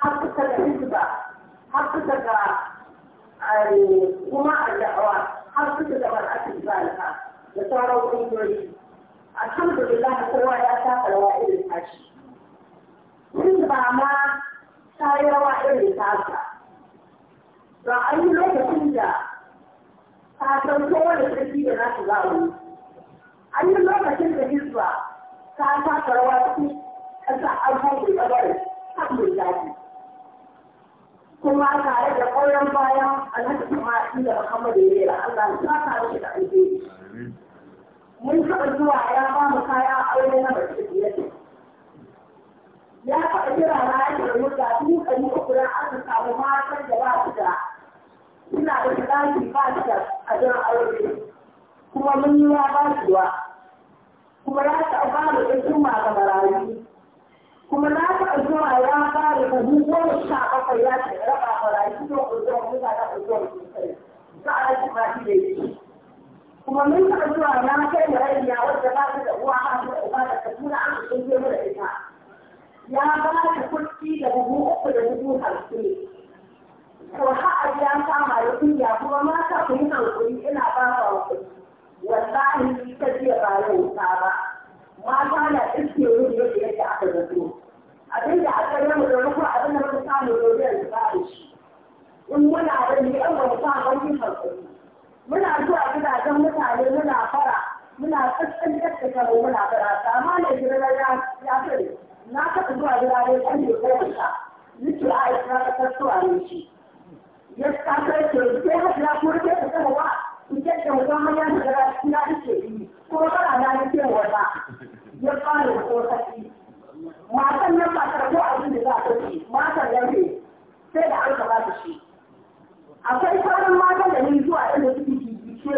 Speaker 1: har kusa da hizba har kusa eh, kuma a da'awa har kusa da mar'atul zalika da sauran ƙungiyoyi alhamdulillah kowa ya saka rawa irin tashi hizba ma ta yi irin tasa Ba an yi lokacin da ta san kowane sarki da nasu za a yi an yi lokacin da hizba ta saka rawa cikin ƙasa an hau da gabar kan mai kuma tare da ƙauyen bayan alhaji Isma'il da Muhammad yi Allah ya ta mishi da aiki. Mun taɓa zuwa ya ba mu kaya aure na bakin biyar. Ya taɓa jira na yake da mutu a yi ɗari uku na aka samu matan da ba su da suna da ɗaki ba su da ajiyar aure. Kuma mun yi wa ba su wa. Kuma ya taɓa ba mu ɗin ma ga marayu. kuma na taɓa zuwa ya fara buhu ko sha bakwai ya ce raba marayu don ƙudurin mutane da ƙudurin sosai za a rage ba shi da yake kuma mun taɓa zuwa na kai da ya wadda ba ta da uwa ba ta da uba da an ka tsinke mu ita ya ba ta kuɗi da buhu uku da ko ha a ji ya kama da kungiya kuma mata ku yi hankali ina ba ka kuɗi wallahi ta jiya ba yau ta ba mata na iske wuri yadda aka zato abin da aka yi mu domin kuma abin da muka samu gobe da ba a shi in muna da ni an ba mu sa wani hankali muna zuwa gidajen mutane muna fara muna kaskantar da karo muna fara amma ne gidan ya fare na taɓa zuwa gidajen ɗan ne ko ta nake a yi na kasar zuwa ne shi ya kasar ke sai hajji na kuma ke kasar wa in ke da wata hanyar da na ke yi kuma fara na ke wata ya fara ko ta matan nan ba ta ko abin da za ta ci matan nan ne sai da an ba shi akwai sauran matan da ni zuwa inda suke jijice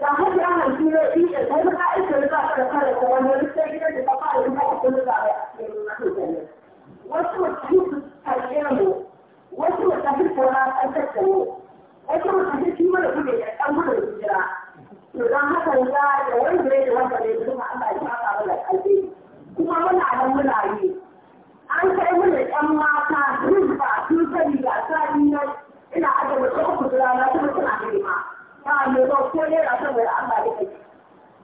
Speaker 1: da hajji an hanci ne da ta zuka aiki da za ta kare ta wani wani sai gidan da ta fara yin haka kun zuka ba wasu mutafi su mu wasu mutafi su na ƙasar da mu wasu mutafi shi mana kuɗe da ɗan gudun hijira to don haka ya da ya da wanda ne duka an ba shi haka mana ƙarfi kuma muna nan muna yi an kai mana yan mata rizba sun sani ga sani na ina aje da ta uku rana kuma suna nema ba mai ba ko ne da saboda Allah da kai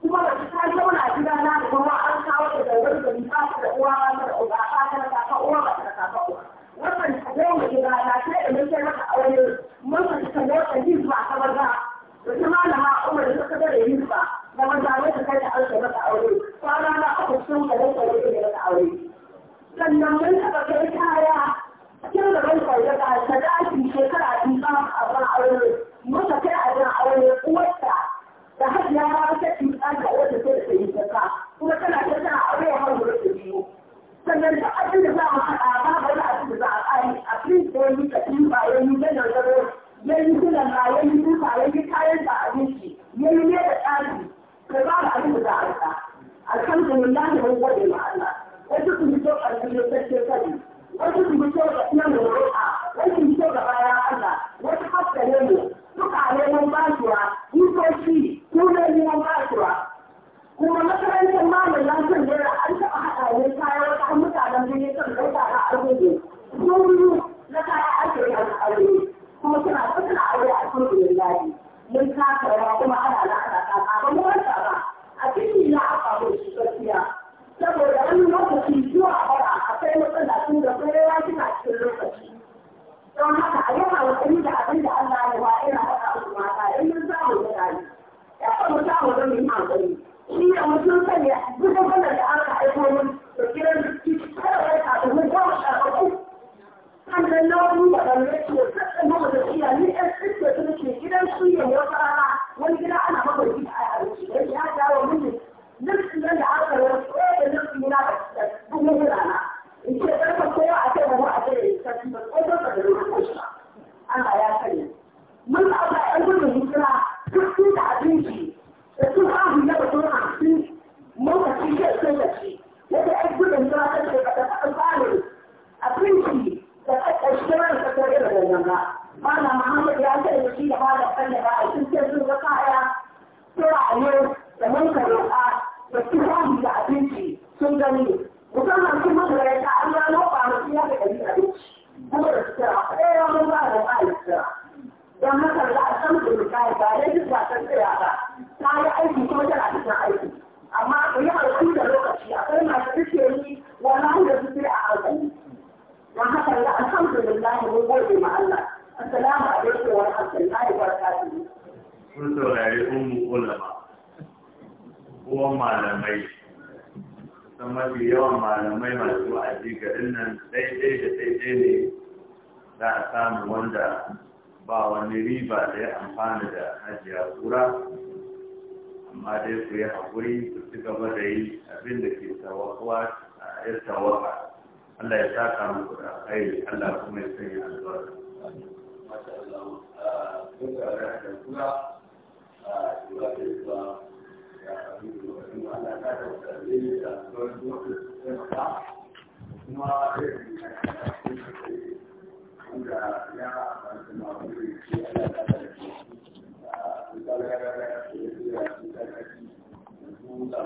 Speaker 1: kuma ba ta zauna gida na da kuma an kawo da dangar da ba ta da uwa ba ta da uba ba ta da kafa uwa ba ta da kafa uwa wannan ta zauna gida na sai da mun na ta aure